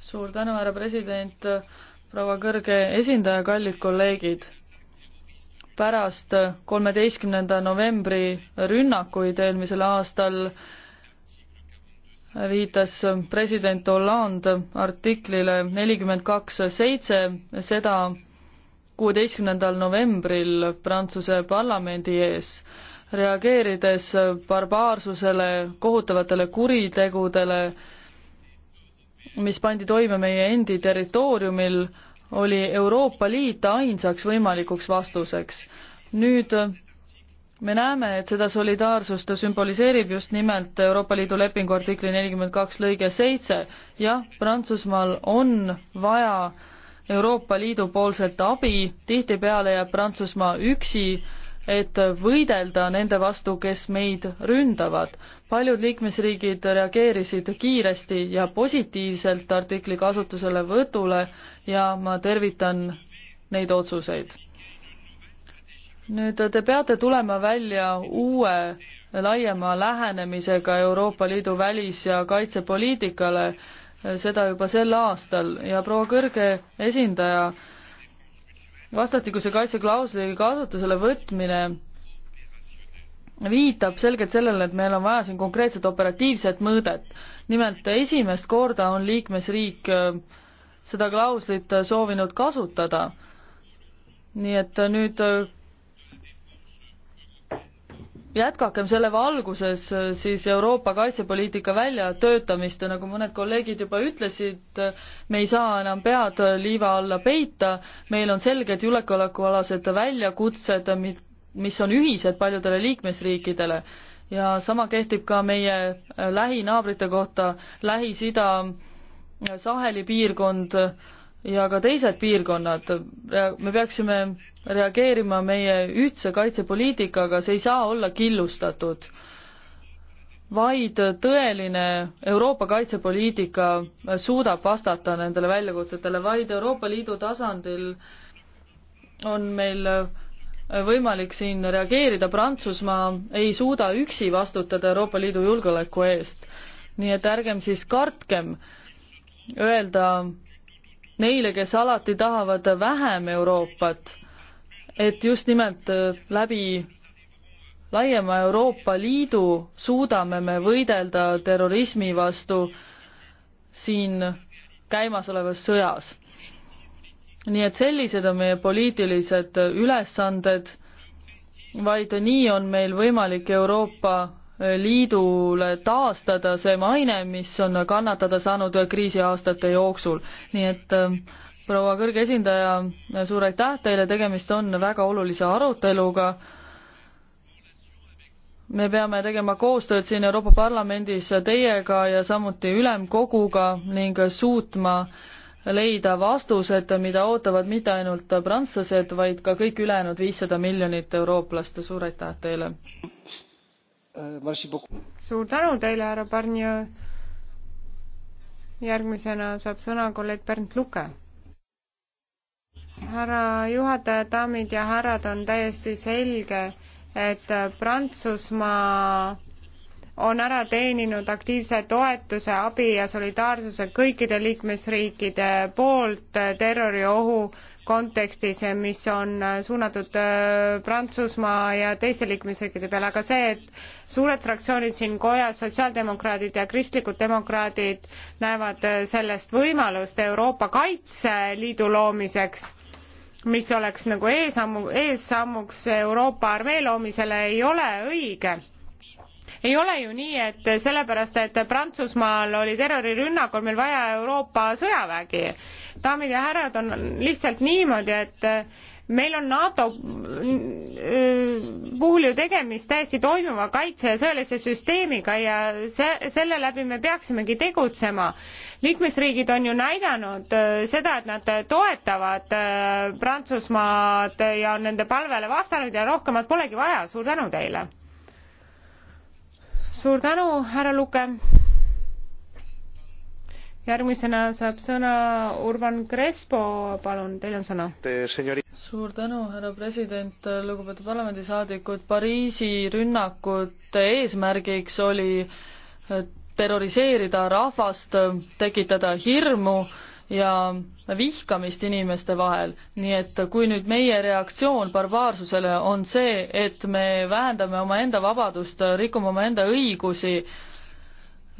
suur tänu, härra president, proua kõrge esindaja, kallid kolleegid! pärast kolmeteistkümnenda novembri rünnakuid eelmisel aastal viitas president Hollande artiklile nelikümmend kaks seitse, seda kuueteistkümnendal novembril Prantsuse parlamendi ees, reageerides barbaarsusele, kohutavatele kuritegudele, mis pandi toime meie endi territooriumil, oli Euroopa Liit ainsaks võimalikuks vastuseks. nüüd me näeme, et seda solidaarsust sümboliseerib just nimelt Euroopa Liidu lepingu artikli nelikümmend kaks lõige seitse. jah, Prantsusmaal on vaja Euroopa Liidu poolset abi, tihtipeale jääb Prantsusmaa üksi, et võidelda nende vastu, kes meid ründavad. paljud liikmesriigid reageerisid kiiresti ja positiivselt artikli kasutuselevõtule ja ma tervitan neid otsuseid nüüd te peate tulema välja uue laiema lähenemisega Euroopa Liidu välis- ja kaitsepoliitikale, eh, seda juba sel aastal ja proua kõrge esindaja, vastastikuse kaitse klausli kasutusele võtmine viitab selgelt sellele, et meil on vaja siin konkreetset operatiivset mõõdet. nimelt esimest korda on liikmesriik eh, seda klauslit soovinud kasutada. nii et eh, nüüd jätkakem selle valguses äh, siis Euroopa kaitsepoliitika väljatöötamist ja nagu mõned kolleegid juba ütlesid, me ei saa enam pead liiva alla peita, meil on selged julgeolekualased väljakutsed, mis on ühised paljudele liikmesriikidele ja sama kehtib ka meie äh, lähinaabrite kohta, Lähis-Ida, äh, Saheli piirkond, ja ka teised piirkonnad, me peaksime reageerima meie ühtse kaitsepoliitikaga, see ei saa olla killustatud, vaid tõeline Euroopa kaitsepoliitika suudab vastata nendele väljakutsetele, vaid Euroopa Liidu tasandil on meil võimalik siin reageerida, Prantsusmaa ei suuda üksi vastutada Euroopa Liidu julgeoleku eest. nii et ärgem siis kartkem öelda neile, kes alati tahavad vähem Euroopat, et just nimelt äh, läbi laiema Euroopa Liidu suudame me võidelda terrorismi vastu siin käimasolevas sõjas. nii et sellised on meie poliitilised ülesanded, vaid nii on meil võimalik Euroopa liidule taastada see maine, mis on kannatada saanud kriisiaastate jooksul. nii et äh, proua kõrge esindaja, suur aitäh teile, tegemist on väga olulise aruteluga. me peame tegema koostööd siin Euroopa Parlamendis teiega ja samuti ülemkoguga ning suutma leida vastused, mida ootavad mitte ainult prantslased, vaid ka kõik ülejäänud viissada miljonit eurooplast. suur aitäh teile! suur tänu teile, härra Barnio. järgmisena saab sõna kolleeg Bernt Luke. härra juhataja, daamid ja härrad, on täiesti selge, et Prantsusmaa on ära teeninud aktiivse toetuse, abi ja solidaarsuse kõikide liikmesriikide poolt terroriohu kontekstis, mis on suunatud äh, Prantsusmaa ja teiste liikmesriikide peale, aga see, et suured fraktsioonid siin kojas, sotsiaaldemokraadid ja kristlikud demokraadid, näevad äh, sellest võimalust Euroopa Kaitseliidu loomiseks mis oleks nagu eesammu, eessammuks Euroopa armee loomisele, ei ole õige ei ole ju nii, et sellepärast, et Prantsusmaal oli terrorirünnak, on meil vaja Euroopa sõjavägi. daamid ja härrad, on lihtsalt niimoodi, et meil on NATO äh, puhul ju tegemist täiesti toimiva kaitse ja sõjalise süsteemiga ja see, selle läbi me peaksimegi tegutsema. liikmesriigid on ju näidanud äh, seda, et nad toetavad äh, Prantsusmaad ja on nende palvele vastanud ja rohkemat polegi vaja. suur tänu teile! suur tänu, härra Luke. järgmisena saab sõna Urban Crespo, palun, teil on sõna. suur tänu, härra president, lugupeetud parlamendisaadikud, Pariisi rünnakute eesmärgiks oli terroriseerida rahvast, tekitada hirmu ja vihkamist inimeste vahel, nii et kui nüüd meie reaktsioon barbaarsusele on see, et me vähendame omaenda vabadust, rikume omaenda õigusi,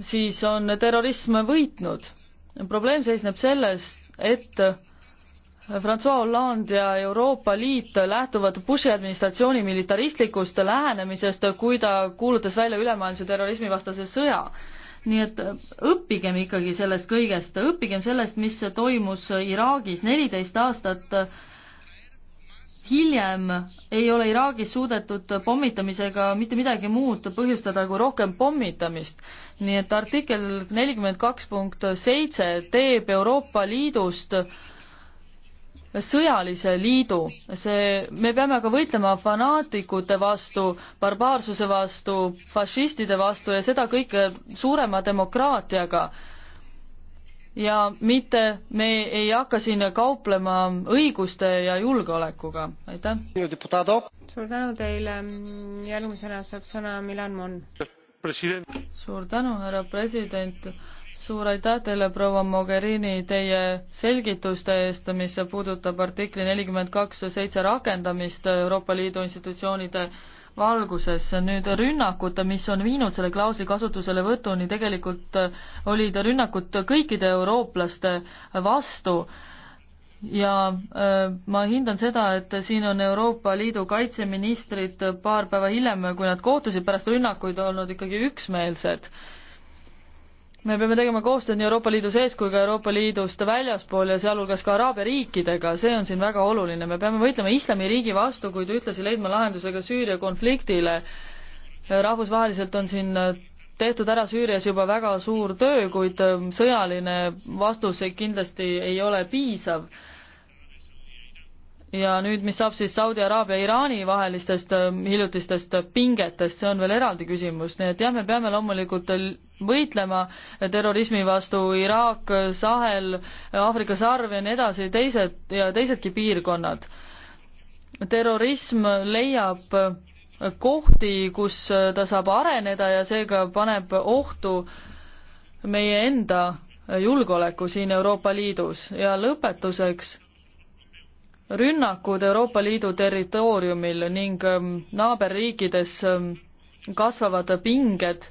siis on terrorism võitnud. probleem seisneb selles, et Francois Hollande ja Euroopa Liit lähtuvad Bushi administratsiooni militaristlikust lähenemisest, kui ta kuulutas välja ülemaailmse terrorismivastase sõja nii et äh, õppigem ikkagi sellest kõigest, õppigem sellest, mis toimus Iraagis neliteist aastat äh, hiljem ei ole Iraagis suudetud pommitamisega mitte midagi muud põhjustada kui rohkem pommitamist. nii et artikkel nelikümmend kaks punkt seitse teeb Euroopa Liidust äh, sõjalise liidu, see, me peame ka võitlema fanaatikute vastu, barbaarsuse vastu, fašistide vastu ja seda kõike suurema demokraatiaga. ja mitte me ei hakka siin kauplema õiguste ja julgeolekuga, aitäh. suur tänu teile, järgmisena saab sõna Milan Mon. suur tänu, härra president suur aitäh teile, proua Mogherini, teie selgituste eest, mis puudutab artikli nelikümmend kaks seitse rakendamist Euroopa Liidu institutsioonide valguses. nüüd rünnakud, mis on viinud selle klausli kasutuselevõtuni, tegelikult olid rünnakud kõikide eurooplaste vastu ja äh, ma hindan seda, et siin on Euroopa Liidu kaitseministrid paar päeva hiljem, kui nad kohtusid pärast rünnakuid, olnud ikkagi üksmeelsed me peame tegema koostööd nii Euroopa Liidu sees kui ka Euroopa Liidust väljaspool ja sealhulgas ka Araabia riikidega, see on siin väga oluline, me peame võitlema islamiriigi vastu, kuid ühtlasi leidma lahenduse ka Süüria konfliktile. rahvusvaheliselt on siin tehtud ära Süürias juba väga suur töö, kuid sõjaline vastus kindlasti ei ole piisav ja nüüd, mis saab siis Saudi Araabia ja Iraani vahelistest ähm, hiljutistest pingetest, see on veel eraldi küsimus, nii et jah, me peame loomulikult võitlema terrorismi vastu Iraak, Sahel, Aafrika sarv ja nii edasi, teised ja teisedki piirkonnad. terrorism leiab äh, kohti, kus äh, ta saab areneda ja seega paneb ohtu meie enda äh, julgeoleku siin Euroopa Liidus ja lõpetuseks rünnakud Euroopa Liidu territooriumil ning ähm, naaberriikides ähm, kasvavad pinged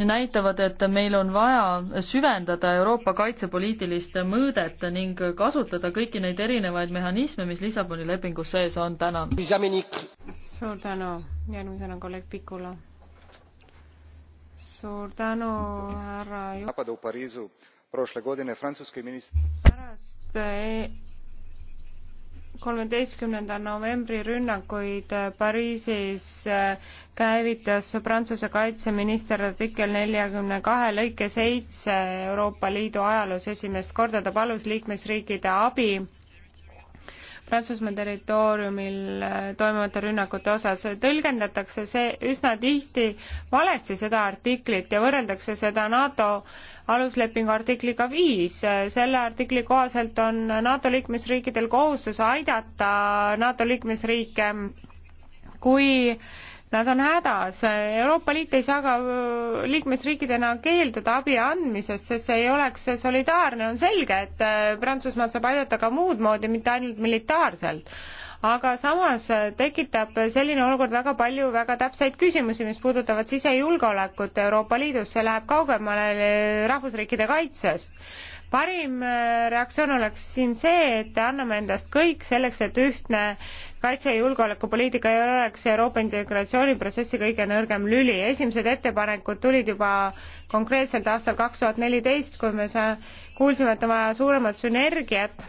näitavad, et meil on vaja süvendada Euroopa kaitsepoliitilist mõõdet ning kasutada kõiki neid erinevaid mehhanisme, mis Lissaboni lepingus sees on. tänan. suur tänu, järgmisena kolleeg Pikula. suur tänu, härra juhataja. pärast eh, kolmeteistkümnenda novembri rünnakuid äh, Pariisis äh, käivitas Prantsuse kaitseminister artikkel neljakümne kahe lõike seitse Euroopa Liidu ajaloos esimest korda, ta palus liikmesriikide abi Prantsusmaa territooriumil äh, toimuvate rünnakute osas. tõlgendatakse see üsna tihti valesti, seda artiklit, ja võrreldakse seda NATO aluslepingu artikliga viis. selle artikli kohaselt on NATO liikmesriikidel kohustus aidata NATO liikmesriike, kui Nad on hädas, Euroopa Liit ei saa ka äh, liikmesriikidena keelduda abi andmisest, sest see ei oleks solidaarne, on selge, et äh, Prantsusmaad saab aidata ka muud moodi, mitte ainult militaarselt aga samas äh, tekitab selline olukord väga palju väga täpseid küsimusi, mis puudutavad sisejulgeolekut Euroopa Liidus, see läheb kaugemale äh, rahvusriikide kaitsest. parim äh, reaktsioon oleks siin see, et anname endast kõik selleks, et ühtne kaitse- ja julgeolekupoliitika ei oleks Euroopa integratsiooniprotsessi kõige nõrgem lüli. esimesed ettepanekud tulid juba konkreetselt aastal kaks tuhat neliteist, kui me sa-, kuulsime, et on vaja suuremat sünergiat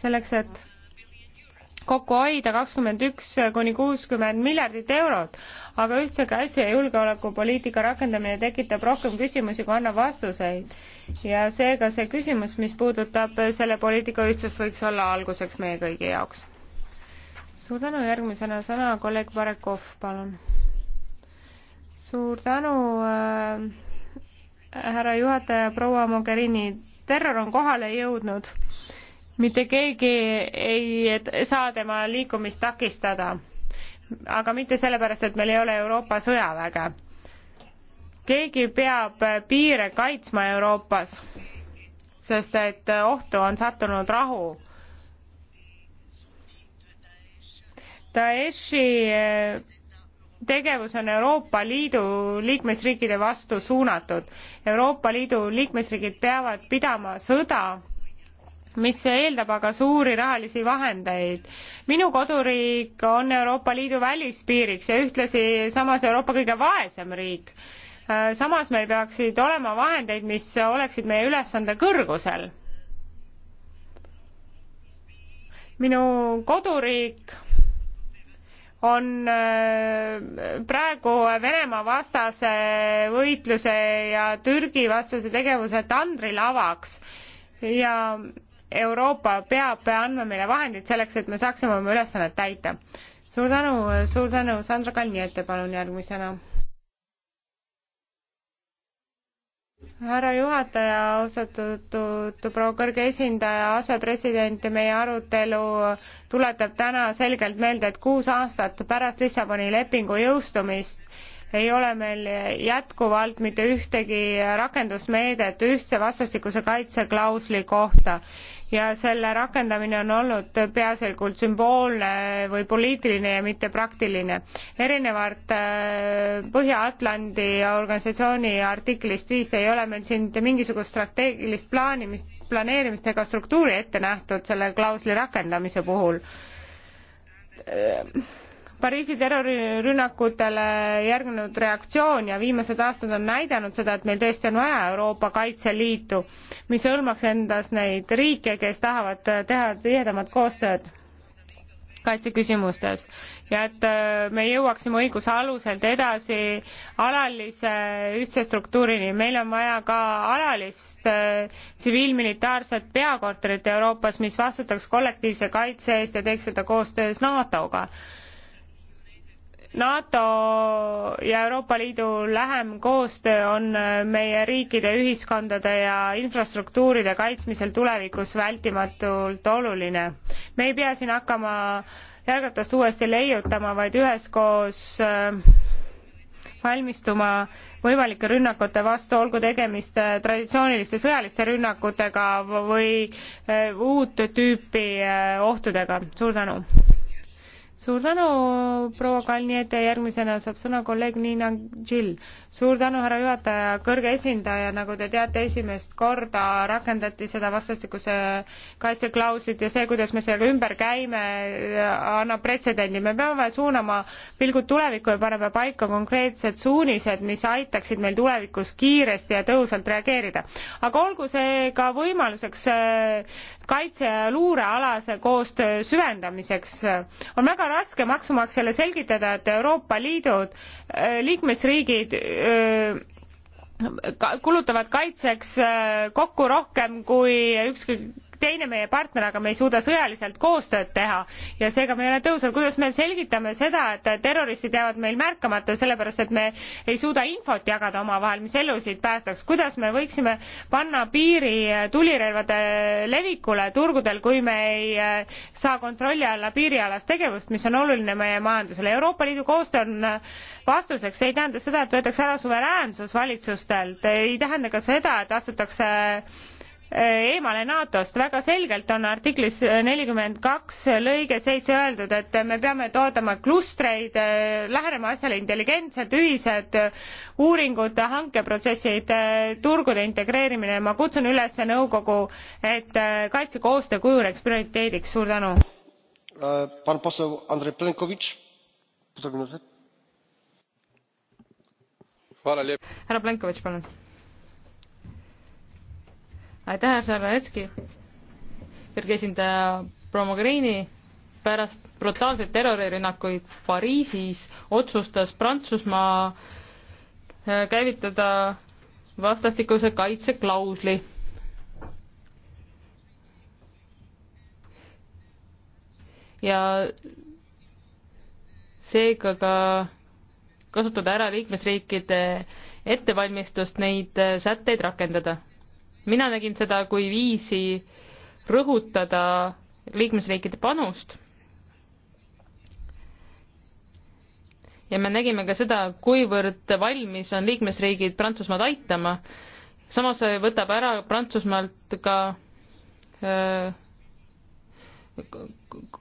selleks, et kokku hoida kakskümmend üks kuni kuuskümmend miljardit eurot, aga ühtse kaitse- ja julgeolekupoliitika rakendamine tekitab rohkem küsimusi, kui annab vastuseid. ja seega see küsimus, mis puudutab äh, selle poliitika ühtsust, võiks olla alguseks meie kõigi jaoks. suur tänu, järgmisena sõna kolleeg Barekov, palun. suur tänu äh,, härra juhataja, proua Mogherini, terror on kohale jõudnud mitte keegi ei saa tema liikumist takistada. aga mitte sellepärast, et meil ei ole Euroopa sõjaväge. keegi peab piire kaitsma Euroopas, sest et ohtu on sattunud rahu. Daeshi eh, tegevus on Euroopa Liidu liikmesriikide vastu suunatud. Euroopa Liidu liikmesriigid peavad pidama sõda mis eeldab aga suuri rahalisi vahendeid. minu koduriik on Euroopa Liidu välispiiriks ja ühtlasi samas Euroopa kõige vaesem riik. Äh, samas meil peaksid olema vahendeid, mis oleksid meie ülesande kõrgusel. minu koduriik on äh, praegu Venemaa vastase võitluse ja Türgi vastase tegevuse tandrilavaks ja Euroopa peab andma meile vahendid selleks, et me saaksime oma ülesannet täita. suur tänu, suur tänu, Sandra Kalniete, palun järgmisena. härra juhataja, austatud proua kõrge esindaja, asepresident, meie arutelu tuletab täna selgelt meelde, et kuus aastat pärast Lissaboni lepingu jõustumist ei ole meil jätkuvalt mitte ühtegi rakendusmeedet ühtse vastastikuse kaitse klausli kohta ja selle rakendamine on olnud peaasjalikult sümboolne või poliitiline ja mitte praktiline. erinevalt äh, Põhja-Atlandi organisatsiooni artiklist viis ei ole meil siin mitte mingisugust strateegilist plaanimist, planeerimist ega struktuuri ette nähtud selle klausli rakendamise puhul Pariisi terrorirünnakutele järgnenud reaktsioon ja viimased aastad on näidanud seda, et meil tõesti on vaja Euroopa Kaitseliitu, mis hõlmaks endas neid riike, kes tahavad teha tihedamat koostööd kaitseküsimustes ja et äh, me jõuaksime õiguse aluselt edasi alalise ühtse struktuurini. meil on vaja ka alalist äh, tsiviilmilitaarset äh, peakorterit Euroopas, mis vastutaks kollektiivse kaitse eest ja teeks seda koostöös NATO-ga NATO ja Euroopa Liidu lähem koostöö on äh, meie riikide, ühiskondade ja infrastruktuuride kaitsmisel tulevikus vältimatult oluline. me ei pea siin hakkama jalgratast uuesti leiutama, vaid üheskoos äh, valmistuma võimalike rünnakute vastu, olgu tegemist äh, traditsiooniliste sõjaliste rünnakutega või uut tüüpi ohtudega. suur tänu! suur tänu, proua Kalniete, järgmisena saab sõna kolleeg Niina Gill. suur tänu, härra juhataja, kõrge esindaja, nagu te teate, esimest korda rakendati seda vastastikuse kaitseklauslit ja see, kuidas me sellega ümber käime, annab pretsedendi. me peame suunama pilgud tulevikku ja paneme paika konkreetsed suunised, mis aitaksid meil tulevikus kiiresti ja tõhusalt reageerida. aga olgu see ka võimaluseks kaitse- ja luurealase koostöö süvendamiseks. on väga raske maksumaksjale selgitada, et Euroopa Liidud, äh, liikmesriigid öö, äh, kulutavad kaitseks äh, kokku rohkem kui ükskõik teine meie partner, aga me ei suuda sõjaliselt koostööd teha ja seega me ei ole tõhusad. kuidas me selgitame seda, et terroristid jäävad meil märkamata, sellepärast et me ei suuda infot jagada omavahel, mis elusid päästaks, kuidas me võiksime panna piiri tulirelvade levikule turgudel, kui me ei eh, saa kontrolli alla piirialast tegevust, mis on oluline meie majandusele. Euroopa Liidu koostöö on vastuseks, see ei tähenda seda, et võetakse ära suveräänsus valitsustelt, ei tähenda ka seda, et astutakse Eh, eemale NATO-st. väga selgelt on artiklis nelikümmend kaks lõige seitse öeldud, et me peame toodama klustreid, eh, lähenema asjale intelligentselt, ühised eh, uuringud, hankeprotsessid, turgude integreerimine. ma kutsun üles nõukogu, et kaitsekoostöö kujuneks prioriteediks. suur tänu. härra Plenkovitš, palun aitäh, härra Sarvetski, kõrge esindaja proua Mogherini, pärast brutaalseid terrorirünnakuid Pariisis otsustas Prantsusmaa äh, käivitada vastastikuse kaitse klausli. ja seega ka kasutada ära liikmesriikide ettevalmistust neid äh, sätteid rakendada mina nägin seda kui viisi rõhutada liikmesriikide panust. ja me nägime ka seda, kuivõrd valmis on liikmesriigid Prantsusmaad aitama. samas võtab ära Prantsusmaalt ka öö,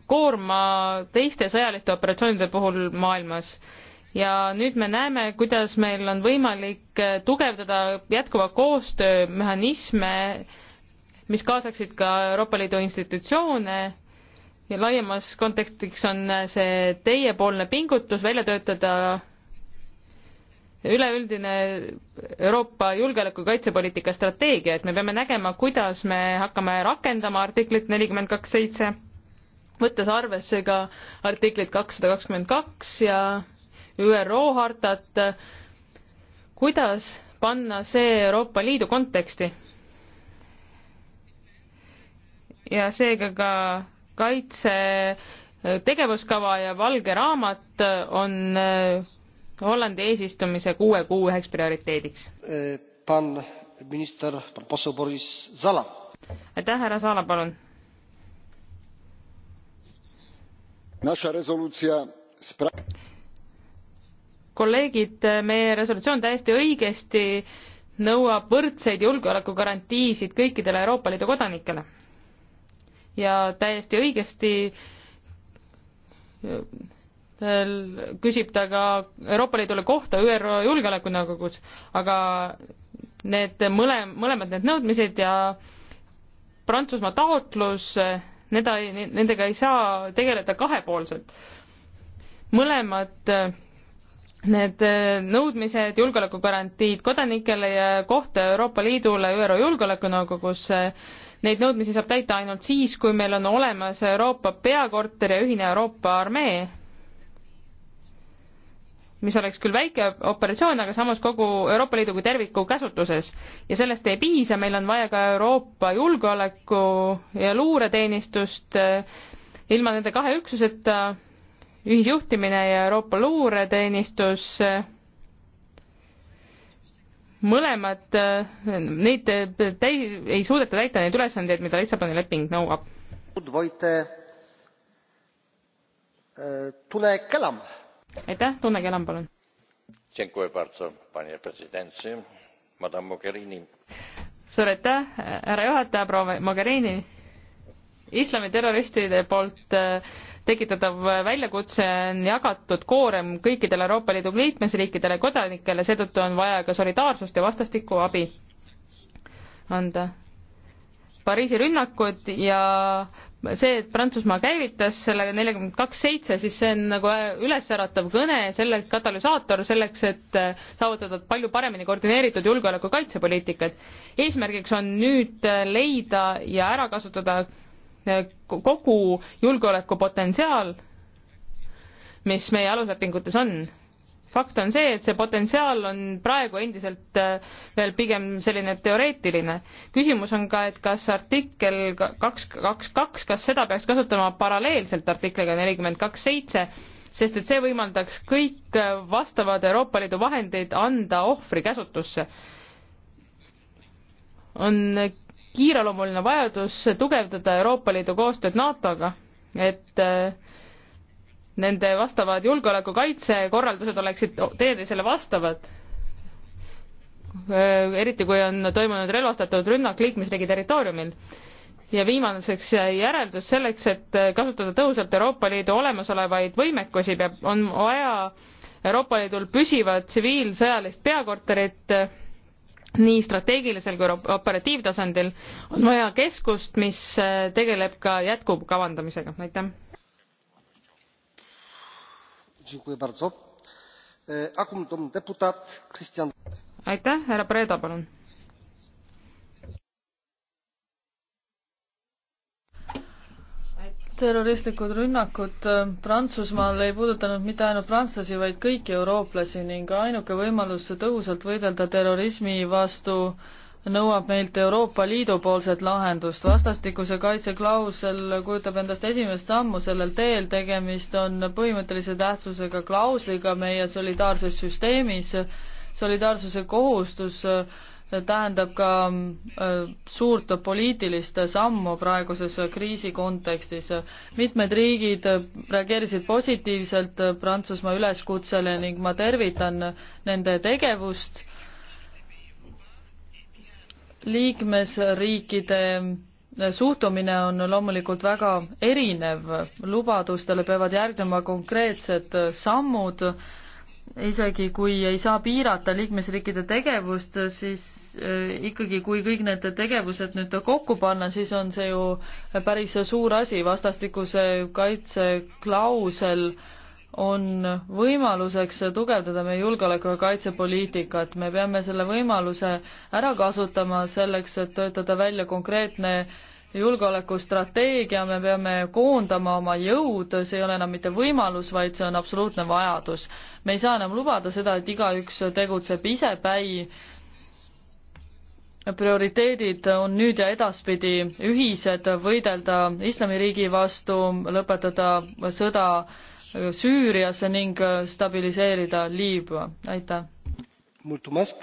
koorma teiste sõjaliste operatsioonide puhul maailmas ja nüüd me näeme, kuidas meil on võimalik äh, tugevdada jätkuva koostöömehhanisme, mis kaasaksid ka Euroopa Liidu institutsioone ja laiemas kontekstiks on äh, see teiepoolne pingutus välja töötada üleüldine Euroopa julgeoleku kaitsepoliitika strateegia, et me peame nägema, kuidas me hakkame rakendama artiklit nelikümmend kaks seitse, võttes arvesse ka artiklit kakssada kakskümmend kaks ja ÜRO hartat, kuidas panna see Euroopa Liidu konteksti? ja seega ka kaitse tegevuskava ja valge raamat on äh, Hollandi eesistumise kuue kuu üheks prioriteediks. Äh, aitäh, härra Saala, palun kolleegid, meie resolutsioon täiesti õigesti nõuab võrdseid julgeolekugarantiisid kõikidele Euroopa Liidu kodanikele. ja täiesti õigesti äh, küsib ta ka Euroopa Liidule kohta ÜRO Julgeolekunõukogus, aga need mõlem-, mõlemad need nõudmised ja Prantsusmaa taotlus, neda, nendega ei saa tegeleda kahepoolselt. mõlemad äh, need äh, nõudmised, julgeolekugarantiid kodanikele ja koht Euroopa Liidule ÜRO Julgeolekunõukogus, äh, neid nõudmisi saab täita ainult siis, kui meil on olemas Euroopa peakorter ja ühine Euroopa armee, mis oleks küll väike operatsioon, aga samas kogu Euroopa Liidu kui terviku käsutuses. ja sellest ei piisa, meil on vaja ka Euroopa julgeoleku- ja luureteenistust, äh, ilma nende kahe üksuseta ühisjuhtimine ja Euroopa luureteenistus, mõlemad, neid täi-, ei suudeta täita neid ülesandeid, mida Lissaboni leping nõuab. Äh, aitäh, Tunne Kelam, palun. suur aitäh, härra juhataja, proua Mogherini islamiterroristide poolt äh, tekitatav väljakutse on jagatud koorem kõikidele Euroopa Liidu liikmesriikidele, kodanikele, seetõttu on vaja ka solidaarsust ja vastastikku abi anda. Pariisi rünnakud ja see, et Prantsusmaa käivitas selle nelikümmend kaks seitse, siis see on nagu äh, ülesäratav kõne, selle katalüsaator selleks, et äh, saavutada palju paremini koordineeritud julgeoleku kaitsepoliitikat. eesmärgiks on nüüd leida ja ära kasutada kogu julgeolekupotentsiaal, mis meie aluslepingutes on. fakt on see, et see potentsiaal on praegu endiselt äh, veel pigem selline teoreetiline. küsimus on ka, et kas artikkel kaks, kaks, kaks, kas seda peaks kasutama paralleelselt artikliga nelikümmend kaks seitse, sest et see võimaldaks kõik äh, vastavad Euroopa Liidu vahendid anda ohvri käsutusse. on kiireloomuline vajadus tugevdada Euroopa Liidu koostööd NATO-ga, et eh, nende vastavad julgeoleku kaitsekorraldused oleksid teineteisele vastavad. Eh, eriti kui on toimunud relvastatud rünnak liikmesriigi territooriumil. ja viimaseks järeldus selleks, et kasutada tõhusalt Euroopa Liidu olemasolevaid võimekusi, peab, on vaja Euroopa Liidul püsivat tsiviilsõjalist peakorterit nii strateegilisel kui operatiivtasandil, on vaja keskust, mis äh, tegeleb ka jätkukavandamisega, aitäh. E, aitäh, härra Preda, palun terroristlikud rünnakud äh, Prantsusmaal ei puudutanud mitte ainult prantslasi, vaid kõiki eurooplasi ning ainuke võimalus tõhusalt võidelda terrorismi vastu nõuab meilt Euroopa Liidu poolset lahendust. vastastikuse kaitse klausel kujutab endast esimest sammu sellel teel, tegemist on põhimõttelise tähtsusega klausliga meie solidaarses süsteemis, solidaarsuse kohustus äh, tähendab ka äh, suurt poliitilist sammu praeguses kriisi kontekstis. mitmed riigid reageerisid positiivselt Prantsusmaa üleskutsele ning ma tervitan nende tegevust. liikmesriikide suhtumine on loomulikult väga erinev, lubadustele peavad järgnema konkreetsed sammud isegi kui ei saa piirata liikmesriikide tegevust, siis äh, ikkagi, kui kõik need tegevused nüüd kokku panna, siis on see ju päris suur asi, vastastikuse kaitse klausel on võimaluseks tugevdada meie julgeoleku- ja kaitsepoliitikat. me peame selle võimaluse ära kasutama selleks, et töötada välja konkreetne julgeolekustrateegia, me peame koondama oma jõud, see ei ole enam mitte võimalus, vaid see on absoluutne vajadus. me ei saa enam lubada seda, et igaüks tegutseb isepäi. prioriteedid on nüüd ja edaspidi ühised, võidelda islamiriigi vastu, lõpetada sõda Süürias ning stabiliseerida Liibüa, aitäh. mulțumesc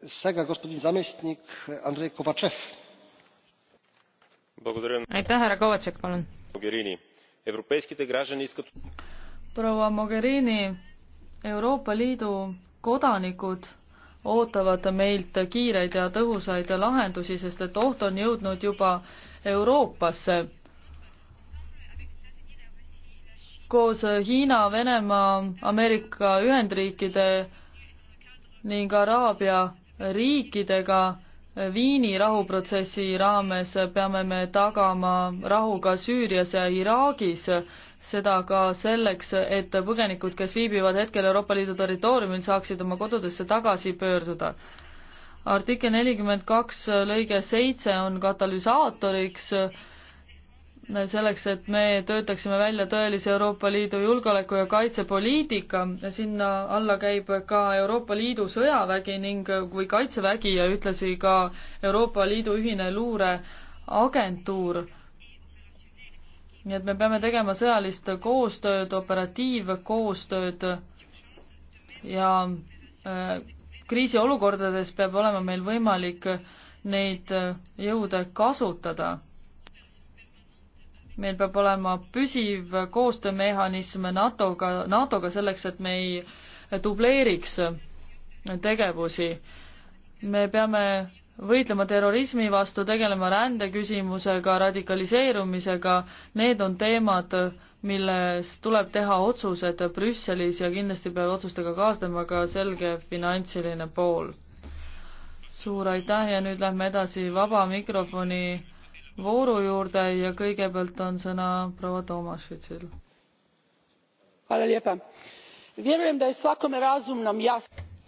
aitäh härra kovatšek palun! proua mogherini euroopa liidu kodanikud ootavad meilt kiireid ja tõhusaid lahendusi sest et oht on jõudnud juba euroopasse. koos hiina venemaa ameerika ühendriikide ning araabia riikidega Viini rahuprotsessi raames peame me tagama rahu ka Süürias ja Iraagis, seda ka selleks, et põgenikud, kes viibivad hetkel Euroopa Liidu territooriumil, saaksid oma kodudesse tagasi pöörduda. artikkel nelikümmend kaks lõige seitse on katalüsaatoriks äh, selleks, et me töötaksime välja tõelise Euroopa Liidu julgeoleku- ja kaitsepoliitika, sinna alla käib ka Euroopa Liidu sõjavägi ning, või kaitsevägi ja ühtlasi ka Euroopa Liidu ühine luureagentuur. nii et me peame tegema sõjalist koostööd, operatiivkoostööd ja äh, kriisiolukordades peab olema meil võimalik neid äh, jõude kasutada meil peab olema püsiv koostöömehhanism NATO-ga, NATO-ga selleks, et me ei dubleeriks tegevusi. me peame võitlema terrorismi vastu, tegelema rändeküsimusega, radikaliseerumisega, need on teemad, milles tuleb teha otsused Brüsselis ja kindlasti peab otsustega kaasnema ka selge finantsiline pool. suur aitäh ja nüüd lähme edasi vaba mikrofoni vooru juurde ja kõigepealt on sõna proua Toomašitsil.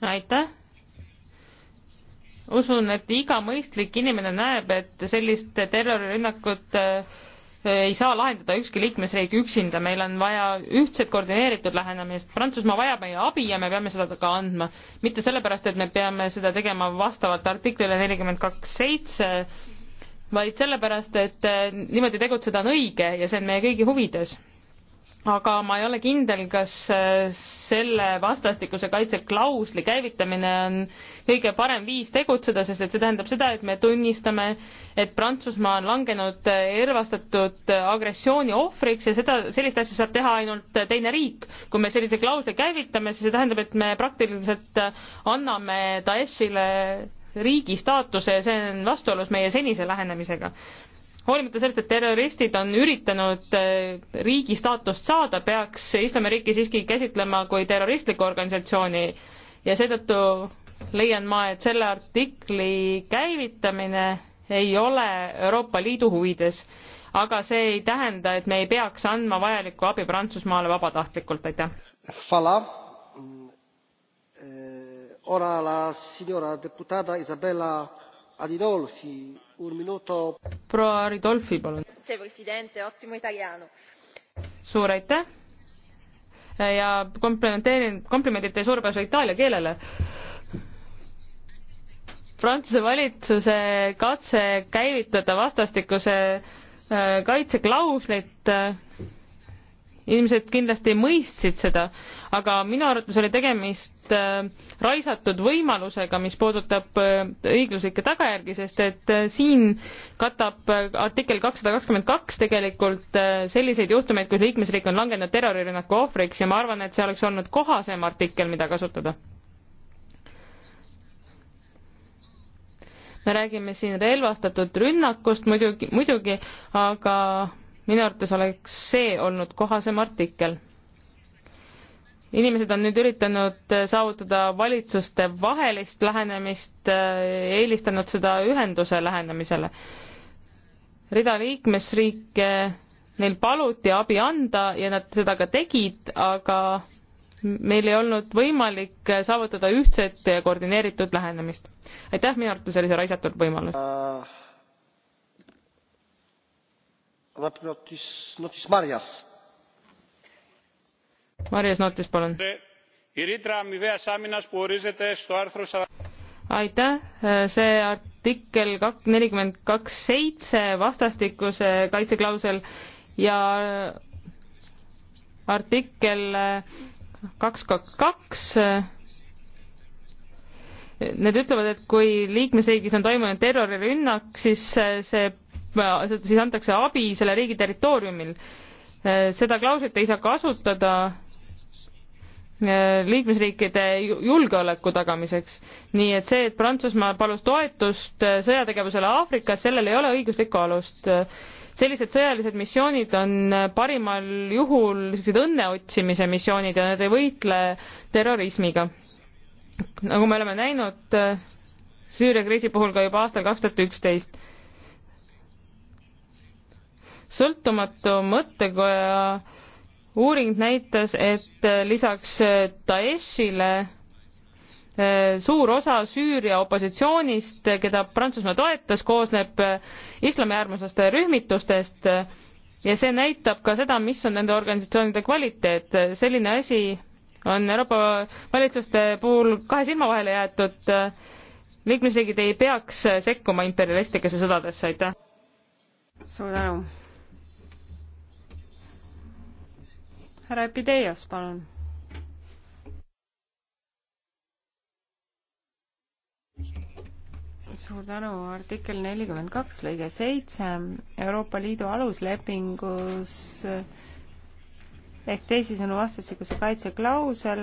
aitäh. usun, et iga mõistlik inimene näeb, et sellist terrorirünnakut äh, ei saa lahendada ükski liikmesriik üksinda, meil on vaja ühtset koordineeritud lähenemist. Prantsusmaa vajab meie abi ja me peame seda ka andma. mitte sellepärast, et me peame seda tegema vastavalt artiklile nelikümmend kaks seitse vaid sellepärast, et äh, niimoodi tegutseda on õige ja see on meie kõigi huvides. aga ma ei ole kindel, kas äh, selle vastastikuse kaitse klausli käivitamine on kõige parem viis tegutseda, sest et see tähendab seda, et me tunnistame, et Prantsusmaa on langenud äh, ervastatud agressiooni ohvriks ja seda, sellist asja saab teha ainult teine riik. kui me sellise klausli käivitame, siis see tähendab, et me praktiliselt anname Daeshile riigi staatuse ja see on vastuolus meie senise lähenemisega. hoolimata sellest, et terroristid on üritanud eh, riigi staatust saada, peaks Islamiriiki siiski käsitlema kui terroristlikku organisatsiooni ja seetõttu leian ma, et selle artikli käivitamine ei ole Euroopa Liidu huvides, aga see ei tähenda, et me ei peaks andma vajalikku abi Prantsusmaale vabatahtlikult, aitäh proua Aridolfi, palun. suur aitäh ja komplimenteerin, komplimendid teie suurepärase itaalia keelele. Prantsuse valitsuse katse käivitada vastastikuse äh, kaitseklauslit äh, inimesed kindlasti mõistsid seda, aga minu arvates oli tegemist äh, raisatud võimalusega, mis puudutab äh, õigluslikke tagajärgi, sest et äh, siin katab artikkel kakssada kakskümmend kaks tegelikult selliseid juhtumeid, kus liikmesriik on langenud terrorirünnaku ohvriks ja ma arvan, et see oleks olnud kohasem artikkel, mida kasutada. me räägime siin relvastatud rünnakust muidugi, muidugi, aga minu arvates oleks see olnud kohasem artikkel. inimesed on nüüd üritanud äh, saavutada valitsuste vahelist lähenemist, äh, eelistanud seda ühenduse lähenemisele. rida liikmesriike, neil paluti abi anda ja nad seda ka tegid, aga meil ei olnud võimalik äh, saavutada ühtset ja koordineeritud lähenemist. aitäh minu arvates sellise raisatud võimaluse uh Marias Notis, palun. aitäh, see artikkel nelikümmend kaks seitse vastastikuse kaitseklausel ja artikkel kaks kaks kaks Need ütlevad, et kui liikmesriigis on toimunud terrorirünnak, siis see Äh, siis antakse abi selle riigi territooriumil. Äh, seda klauslit ei saa kasutada äh, liikmesriikide julgeoleku tagamiseks. nii et see, et Prantsusmaa palus toetust sõjategevusele Aafrikas, sellel ei ole õiguslikku alust. sellised sõjalised missioonid on parimal juhul niisugused õnne otsimise missioonid ja nad ei võitle terrorismiga. nagu me oleme näinud Süüria kriisi puhul ka juba aastal kaks tuhat üksteist sõltumatu mõttekoja uuring näitas, et lisaks Daeshile eh, suur osa Süüria opositsioonist, keda Prantsusmaa toetas, koosneb eh, islamiäärmuslaste rühmitustest ja see näitab ka seda, mis on nende organisatsioonide kvaliteet. selline asi on Euroopa valitsuste puhul kahe silma vahele jäetud. liikmesriigid ei peaks sekkuma imperialistlikesse sõdadesse, aitäh. suur tänu härra Epideios, palun. suur tänu, artikkel nelikümmend kaks lõige seitse Euroopa Liidu aluslepingus ehk teisisõnu vastastikuse kaitse klausel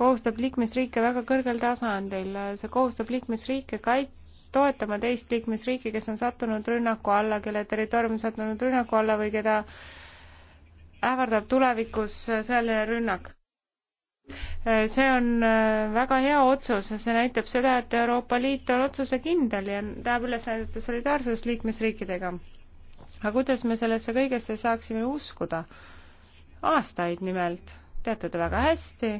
kohustab liikmesriike väga kõrgel tasandil, see kohustab liikmesriike kaits-, toetama teist liikmesriiki, kes on sattunud rünnaku alla, kelle territoorium on sattunud rünnaku alla või keda ähvardab tulevikus sõjaline rünnak. see on äh, väga hea otsus ja see näitab seda, et Euroopa Liit on otsusekindel ja tahab üles näidata solidaarsust liikmesriikidega. aga kuidas me sellesse kõigesse saaksime uskuda? aastaid nimelt, teate te väga hästi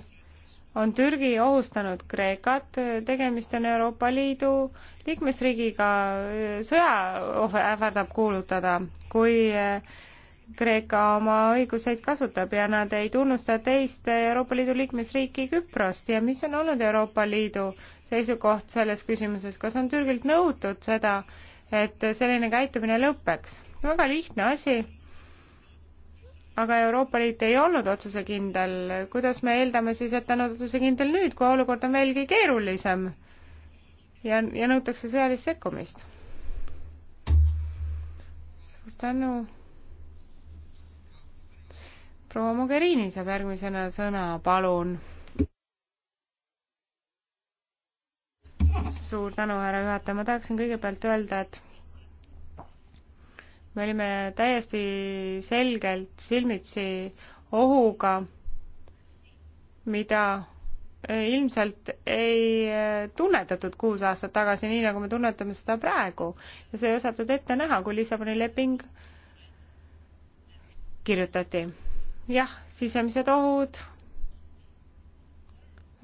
on Türgi ohustanud Kreekat, tegemist on Euroopa Liidu liikmesriigiga, sõja ähvardab kuulutada, kui eh, Kreeka oma õiguseid kasutab ja nad ei tunnusta teist Euroopa Liidu liikmesriiki Küprost ja mis on olnud Euroopa Liidu seisukoht selles küsimuses, kas on Türgilt nõutud seda, et selline käitumine lõpeks? väga lihtne asi aga Euroopa Liit ei olnud otsusekindel, kuidas me eeldame siis, et ta on otsusekindel nüüd, kui olukord on veelgi keerulisem ja, ja nõutakse sõjalist sekkumist? suur tänu. proua Mogherini saab järgmisena sõna, palun. suur tänu, härra juhataja, ma tahaksin kõigepealt öelda, et me olime täiesti selgelt silmitsi ohuga, mida ilmselt ei eh, tunnetatud kuus aastat tagasi, nii nagu me tunnetame seda praegu. ja see ei osatud ette näha, kui Lissaboni leping kirjutati. jah, sisemised ohud,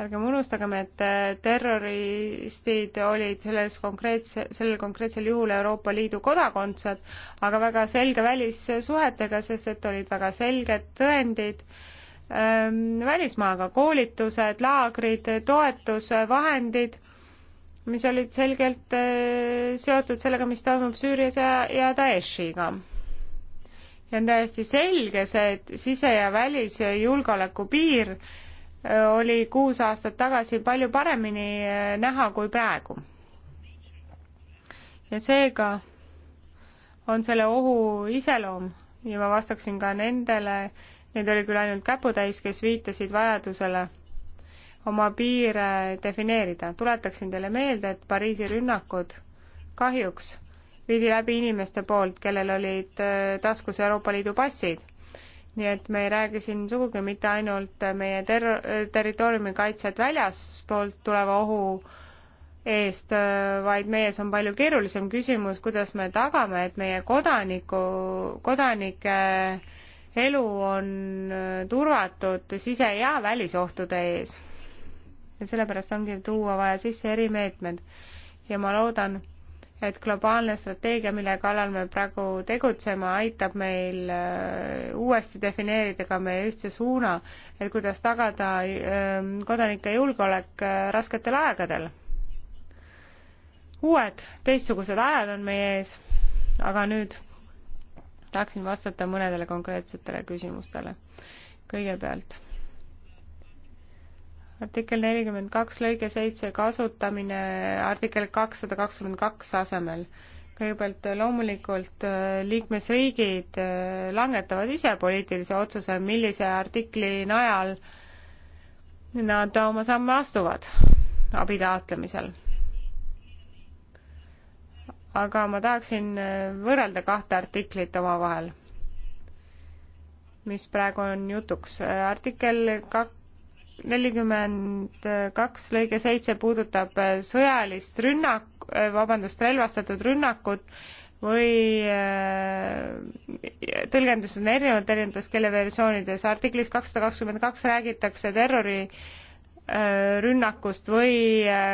ärgem unustagem, et äh, terroristid olid selles konkreetse, sellel konkreetsel juhul Euroopa Liidu kodakondsed, aga väga selge välissuhetega, sest et olid väga selged tõendid ähm, välismaaga, koolitused, laagrid, toetusvahendid, mis olid selgelt äh, seotud sellega, mis toimub Süürias ja, ja Daeshiga ja on täiesti selge see, et sise- ja välisjulgeoleku piir oli kuus aastat tagasi palju paremini eh, näha kui praegu. ja seega on selle ohu iseloom ja ma vastaksin ka nendele, neid oli küll ainult käputäis, kes viitasid vajadusele oma piire defineerida. tuletaksin teile meelde, et Pariisi rünnakud kahjuks viidi läbi inimeste poolt, kellel olid eh, taskus Euroopa Liidu passid nii et me ei räägi siin sugugi mitte ainult meie ter-, territooriumi kaitset väljaspoolt tuleva ohu eest, vaid meie ees on palju keerulisem küsimus, kuidas me tagame, et meie kodaniku, kodanike elu on turvatud sise- ja välisohtude ees. ja sellepärast ongi tuua vaja sisse erimeetmed ja ma loodan, et globaalne strateegia, mille kallal me praegu tegutseme, aitab meil äh, uuesti defineerida ka meie ühtse suuna, et kuidas tagada ähm, kodanike julgeolek äh, rasketel aegadel. uued teistsugused ajad on meie ees, aga nüüd tahaksin vastata mõnedele konkreetsetele küsimustele. kõigepealt artikkel nelikümmend kaks lõige seitse kasutamine artikkel kakssada kakskümmend kaks asemel. kõigepealt loomulikult äh, liikmesriigid äh, langetavad ise poliitilise otsuse, millise artikli najal nad oma samme astuvad abi taotlemisel. aga ma tahaksin äh, võrrelda kahte artiklit omavahel, mis praegu on jutuks. artikkel kak-, nelikümmend kaks lõige seitse puudutab äh, sõjalist rünnak, äh, vabandust, relvastatud rünnakut või äh, tõlgendus on erinevad erinevates keeleversioonides. artiklis kakssada kakskümmend kaks räägitakse terrorirünnakust või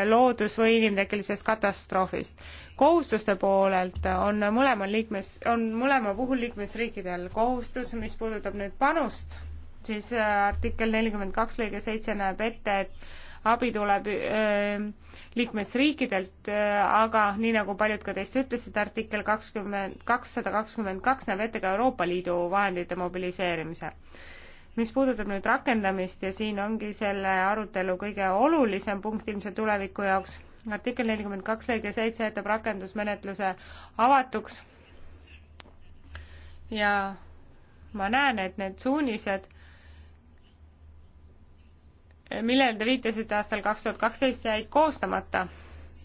loodus- või inimtekkelisest katastroofist. kohustuste poolelt on mõlemal liikmes, on mõlema puhul liikmesriikidel kohustus, mis puudutab nüüd panust siis äh, artikkel nelikümmend kaks lõige seitse näeb ette, et abi tuleb öö, äh, liikmesriikidelt, äh, aga nii nagu paljud ka teist ütlesid, artikkel kakskümmend, kakssada kakskümmend kaks näeb ette ka Euroopa Liidu vahendite mobiliseerimise. mis puudutab nüüd rakendamist ja siin ongi selle arutelu kõige olulisem punkt ilmselt tuleviku jaoks, artikkel nelikümmend kaks lõige seitse jätab rakendusmenetluse avatuks ja ma näen, et need suunised millele te viitasite aastal kaks tuhat kaksteist, jäid koostamata.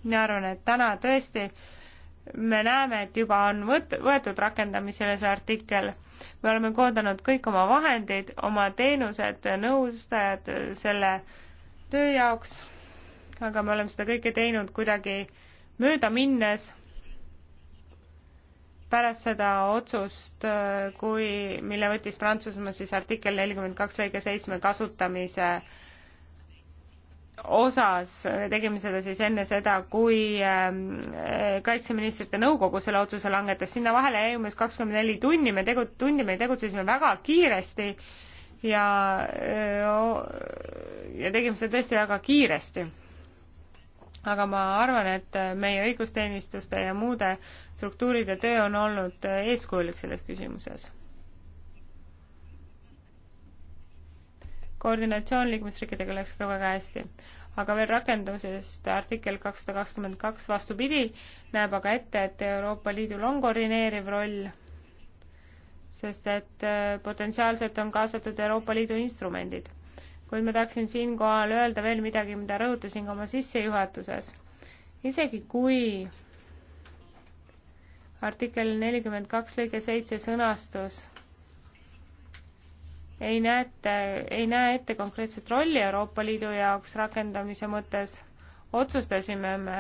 mina arvan, et täna tõesti me näeme, et juba on võt-, võetud rakendamisele see artikkel. me oleme koondanud kõik oma vahendid, oma teenused, nõustajad selle töö jaoks, aga me oleme seda kõike teinud kuidagi mööda minnes pärast seda otsust, kui, mille võttis Prantsusmaa siis artikkel nelikümmend kaks lõige seitsme kasutamise äh, osas, me tegime seda siis enne seda, kui ähm, äh, kaitseministrite nõukogu selle otsuse langetas, sinna vahele jäi umbes kakskümmend neli tunni, me tegu-, tundi me tegutsesime väga kiiresti ja, äh, ja tegime seda tõesti väga kiiresti. aga ma arvan, et meie õigusteenistuste ja muude struktuuride töö on olnud eeskujulik selles küsimuses koordinatsioon liikmesriikidega läks ka väga hästi. aga veel rakendusest artikkel kakssada kakskümmend kaks vastupidi, näeb aga ette, et Euroopa Liidul on koordineeriv roll, sest et äh, potentsiaalselt on kaasatud Euroopa Liidu instrumendid. kuid ma tahaksin siinkohal öelda veel midagi, mida rõhutasin ka oma sissejuhatuses. isegi kui artikkel nelikümmend kaks lõige seitse sõnastus ei näete, ei näe ette konkreetset rolli Euroopa Liidu jaoks rakendamise mõttes, otsustasime me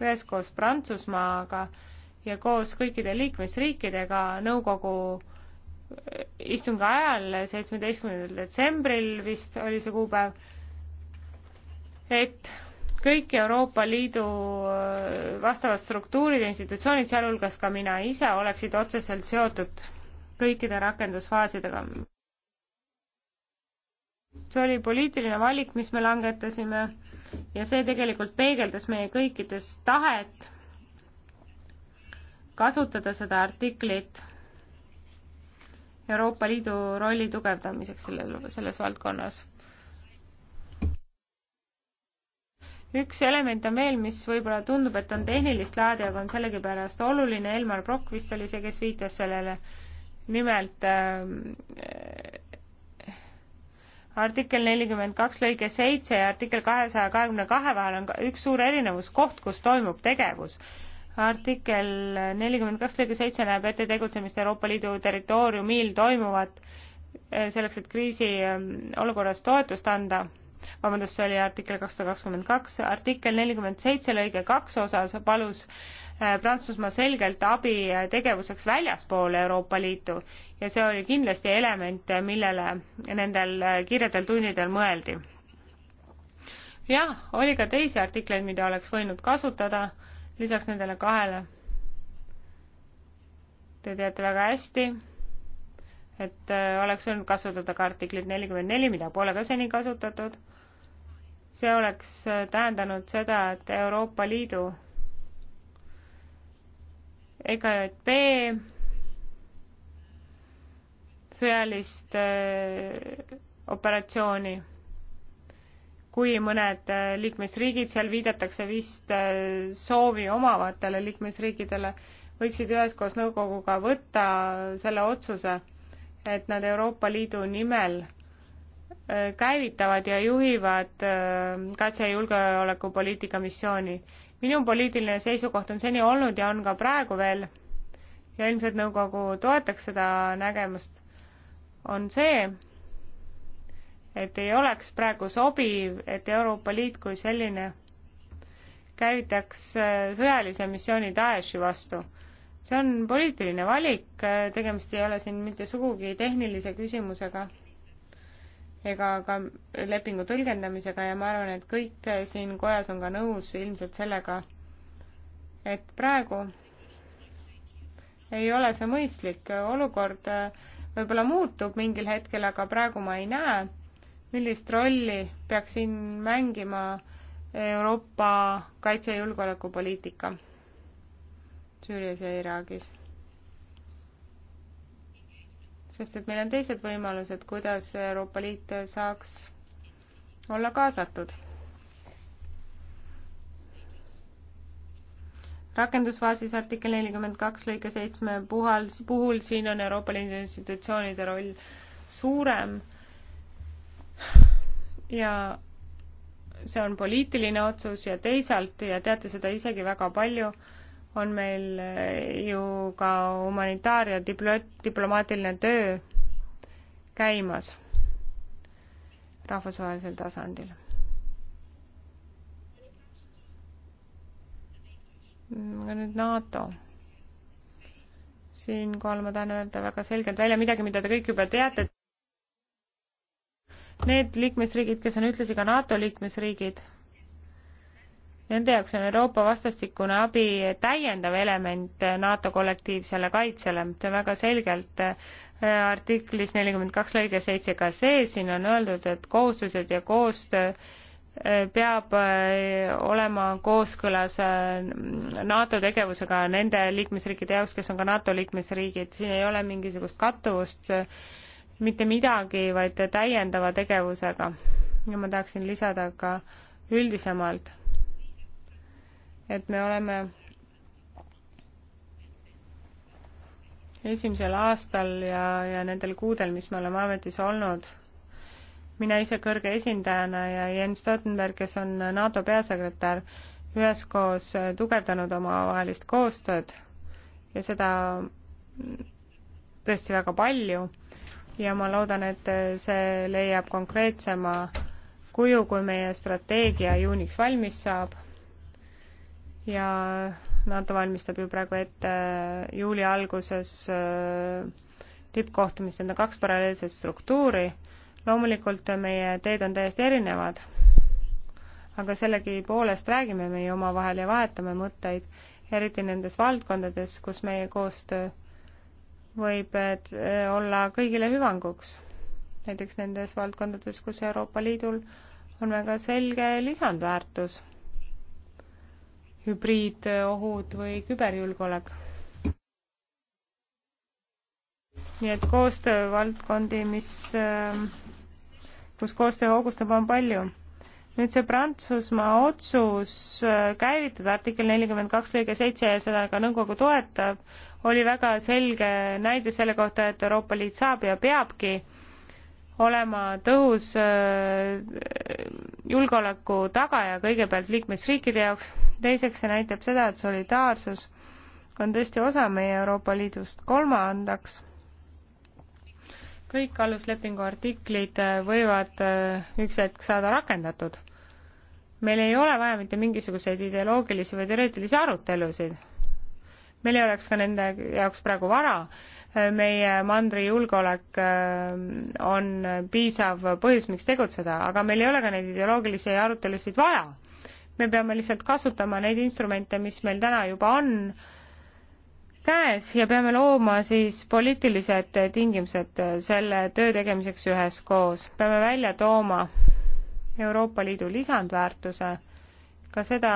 üheskoos Prantsusmaaga ja koos kõikide liikmesriikidega nõukogu istungi ajal, seitsmeteistkümnendal detsembril vist oli see kuupäev, et kõik Euroopa Liidu äh, vastavad struktuurid ja institutsioonid, sealhulgas ka mina ise, oleksid otseselt seotud kõikide rakendusfaasidega see oli poliitiline valik, mis me langetasime ja see tegelikult peegeldas meie kõikides tahet kasutada seda artiklit Euroopa Liidu rolli tugevdamiseks sellel, selles valdkonnas. üks element on veel, mis võib-olla tundub, et on tehnilist laadi, aga on sellegipärast oluline, Elmar Brokk vist oli see, kes viitas sellele, nimelt äh, artikkel nelikümmend kaks lõige seitse ja artikkel kahesaja kahekümne kahe vahel on üks suur erinevus, koht, kus toimub tegevus. artikkel nelikümmend kaks lõige seitse näeb ette tegutsemist Euroopa Liidu territooriumil toimuvat eh, selleks, et kriisiolukorras eh, toetust anda vabandust, see oli artikkel kakssada kakskümmend kaks, artikkel nelikümmend seitse lõige kaks osas palus äh, Prantsusmaa selgelt abi äh, tegevuseks väljaspool Euroopa Liitu ja see oli kindlasti element, äh, millele nendel kirjadel tundidel mõeldi. jah, oli ka teisi artikleid, mida oleks võinud kasutada lisaks nendele kahele. Te teate väga hästi, et oleks võinud kasutada ka artiklit nelikümmend neli, mida pole ka seni kasutatud see oleks äh, tähendanud seda, et Euroopa Liidu EKJP sõjalist äh, operatsiooni, kui mõned äh, liikmesriigid, seal viidatakse vist soovi omavatele liikmesriikidele, võiksid üheskoos nõukoguga võtta selle otsuse, et nad Euroopa Liidu nimel käivitavad ja juhivad äh, katse julgeolekupoliitika missiooni. minu poliitiline seisukoht on seni olnud ja on ka praegu veel ja ilmselt nõukogu toetaks seda nägemust, on see, et ei oleks praegu sobiv, et Euroopa Liit kui selline käivitaks äh, sõjalise missiooni Daeshi vastu. see on poliitiline valik, äh, tegemist ei ole siin mitte sugugi tehnilise küsimusega ega ka lepingu tõlgendamisega ja ma arvan, et kõik siin kojas on ka nõus ilmselt sellega, et praegu ei ole see mõistlik, olukord äh, võib-olla muutub mingil hetkel, aga praegu ma ei näe, millist rolli peaks siin mängima Euroopa kaitse- ja julgeolekupoliitika Süürias ja Iraagis sest et meil on teised võimalused, kuidas Euroopa Liit saaks olla kaasatud. rakendusfaasis artikkel nelikümmend kaks lõike seitsme puhul, puhul siin on Euroopa Liidu institutsioonide roll suurem ja see on poliitiline otsus ja teisalt ja teate seda isegi väga palju, on meil eh, ju ka humanitaar- ja diplo-, diplomaatiline töö käimas rahvusvahelisel tasandil. aga nüüd NATO. siinkohal ma tahan öelda väga selgelt välja midagi, mida te kõik juba teate. Need liikmesriigid, kes on ühtlasi ka NATO liikmesriigid Nende jaoks on Euroopa vastastikune abi täiendav element NATO kollektiivsele kaitsele, see on väga selgelt äh, artiklis nelikümmend kaks lõige seitse ka see, siin on öeldud, et kohustused ja koostöö äh, peab äh, olema kooskõlas NATO tegevusega nende liikmesriikide jaoks, kes on ka NATO liikmesriigid, siin ei ole mingisugust kattuvust mitte midagi, vaid täiendava tegevusega. ja ma tahaksin lisada ka üldisemalt et me oleme esimesel aastal ja, ja nendel kuudel, mis me oleme ametis olnud, mina ise kõrge esindajana ja Jens Stoltenberg, kes on NATO peasekretär, üheskoos tugevdanud omavahelist koostööd ja seda tõesti väga palju ja ma loodan, et see leiab konkreetsema kuju, kui meie strateegia juuniks valmis saab ja NATO valmistab ju praegu ette äh, juuli alguses äh, tippkohtumist, need on kaks paralleelset struktuuri. loomulikult äh, meie teed on täiesti erinevad, aga sellegipoolest räägime meie omavahel ja vahetame mõtteid, eriti nendes valdkondades, kus meie koostöö võib olla kõigile hüvanguks. näiteks nendes valdkondades, kus Euroopa Liidul on väga selge lisandväärtus hübriidohud või küberjulgeolek. nii et koostöövaldkondi, mis, äh, kus koostöö hoogustab, on palju. nüüd see Prantsusmaa otsus äh, käivitada artikkel nelikümmend kaks lõige seitse ja seda ka nõukogu toetab, oli väga selge näide selle kohta, et Euroopa Liit saab ja peabki äh, olema tõhus äh, julgeoleku tagaja kõigepealt liikmesriikide jaoks, teiseks see näitab seda, et solidaarsus on tõesti osa meie Euroopa Liidust, kolmandaks kõik aluslepingu artiklid äh, võivad äh, üks hetk saada rakendatud. meil ei ole vaja mitte mingisuguseid ideoloogilisi või teoreetilisi arutelusid. meil ei oleks ka nende jaoks praegu vara, meie mandri julgeolek äh, on piisav põhjus, miks tegutseda, aga meil ei ole ka neid ideoloogilisi arutelusid vaja. me peame lihtsalt kasutama neid instrumente, mis meil täna juba on käes ja peame looma siis poliitilised tingimused selle töö tegemiseks üheskoos. peame välja tooma Euroopa Liidu lisandväärtuse ka seda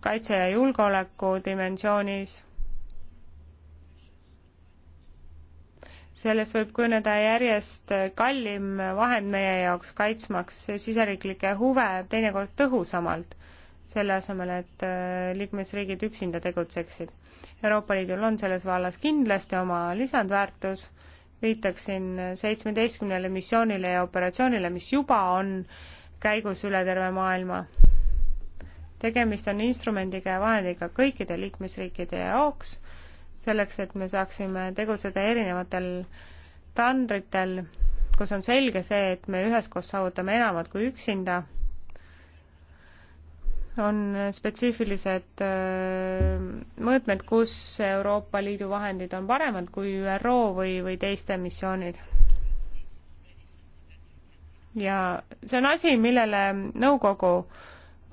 kaitse- ja julgeoleku dimensioonis sellest võib kujuneda järjest kallim vahend meie jaoks, kaitsmaks siseriiklikke huve teinekord tõhusamalt, selle asemel, et äh, liikmesriigid üksinda tegutseksid. Euroopa Liidul on selles vallas kindlasti oma lisandväärtus, viitaksin seitsmeteistkümnele missioonile ja operatsioonile, mis juba on käigus üle terve maailma. tegemist on instrumendiga ja vahendiga kõikide liikmesriikide jaoks selleks, et me saaksime tegutseda erinevatel tandritel, kus on selge see, et me üheskoos saavutame enamat kui üksinda, on spetsiifilised äh, mõõtmed, kus Euroopa Liidu vahendid on paremad kui ÜRO või, või teiste missioonid. ja see on asi, millele nõukogu no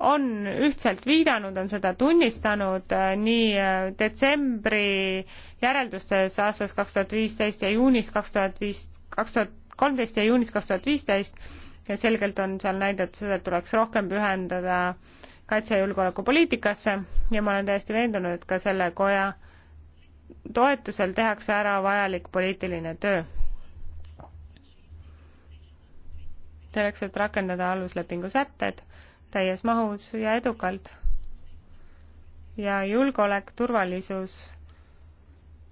on ühtselt viidanud, on seda tunnistanud äh, nii äh, detsembri järeldustes aastast kaks tuhat viisteist ja juunis kaks tuhat viis, kaks tuhat kolmteist ja juunis kaks tuhat viisteist ja selgelt on seal näidatud seda, et tuleks rohkem pühendada kaitse- ja julgeolekupoliitikasse ja ma olen täiesti veendunud, et ka selle koja toetusel tehakse ära vajalik poliitiline töö. selleks, et rakendada aluslepingu sätted täies mahus ja edukalt. ja julgeolek, turvalisus,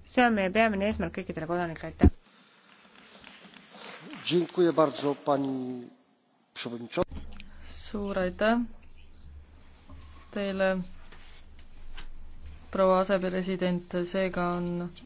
see on meie peamine eesmärk kõikidele kodanikele, aitäh! suur aitäh teile, proua asepresident, seega on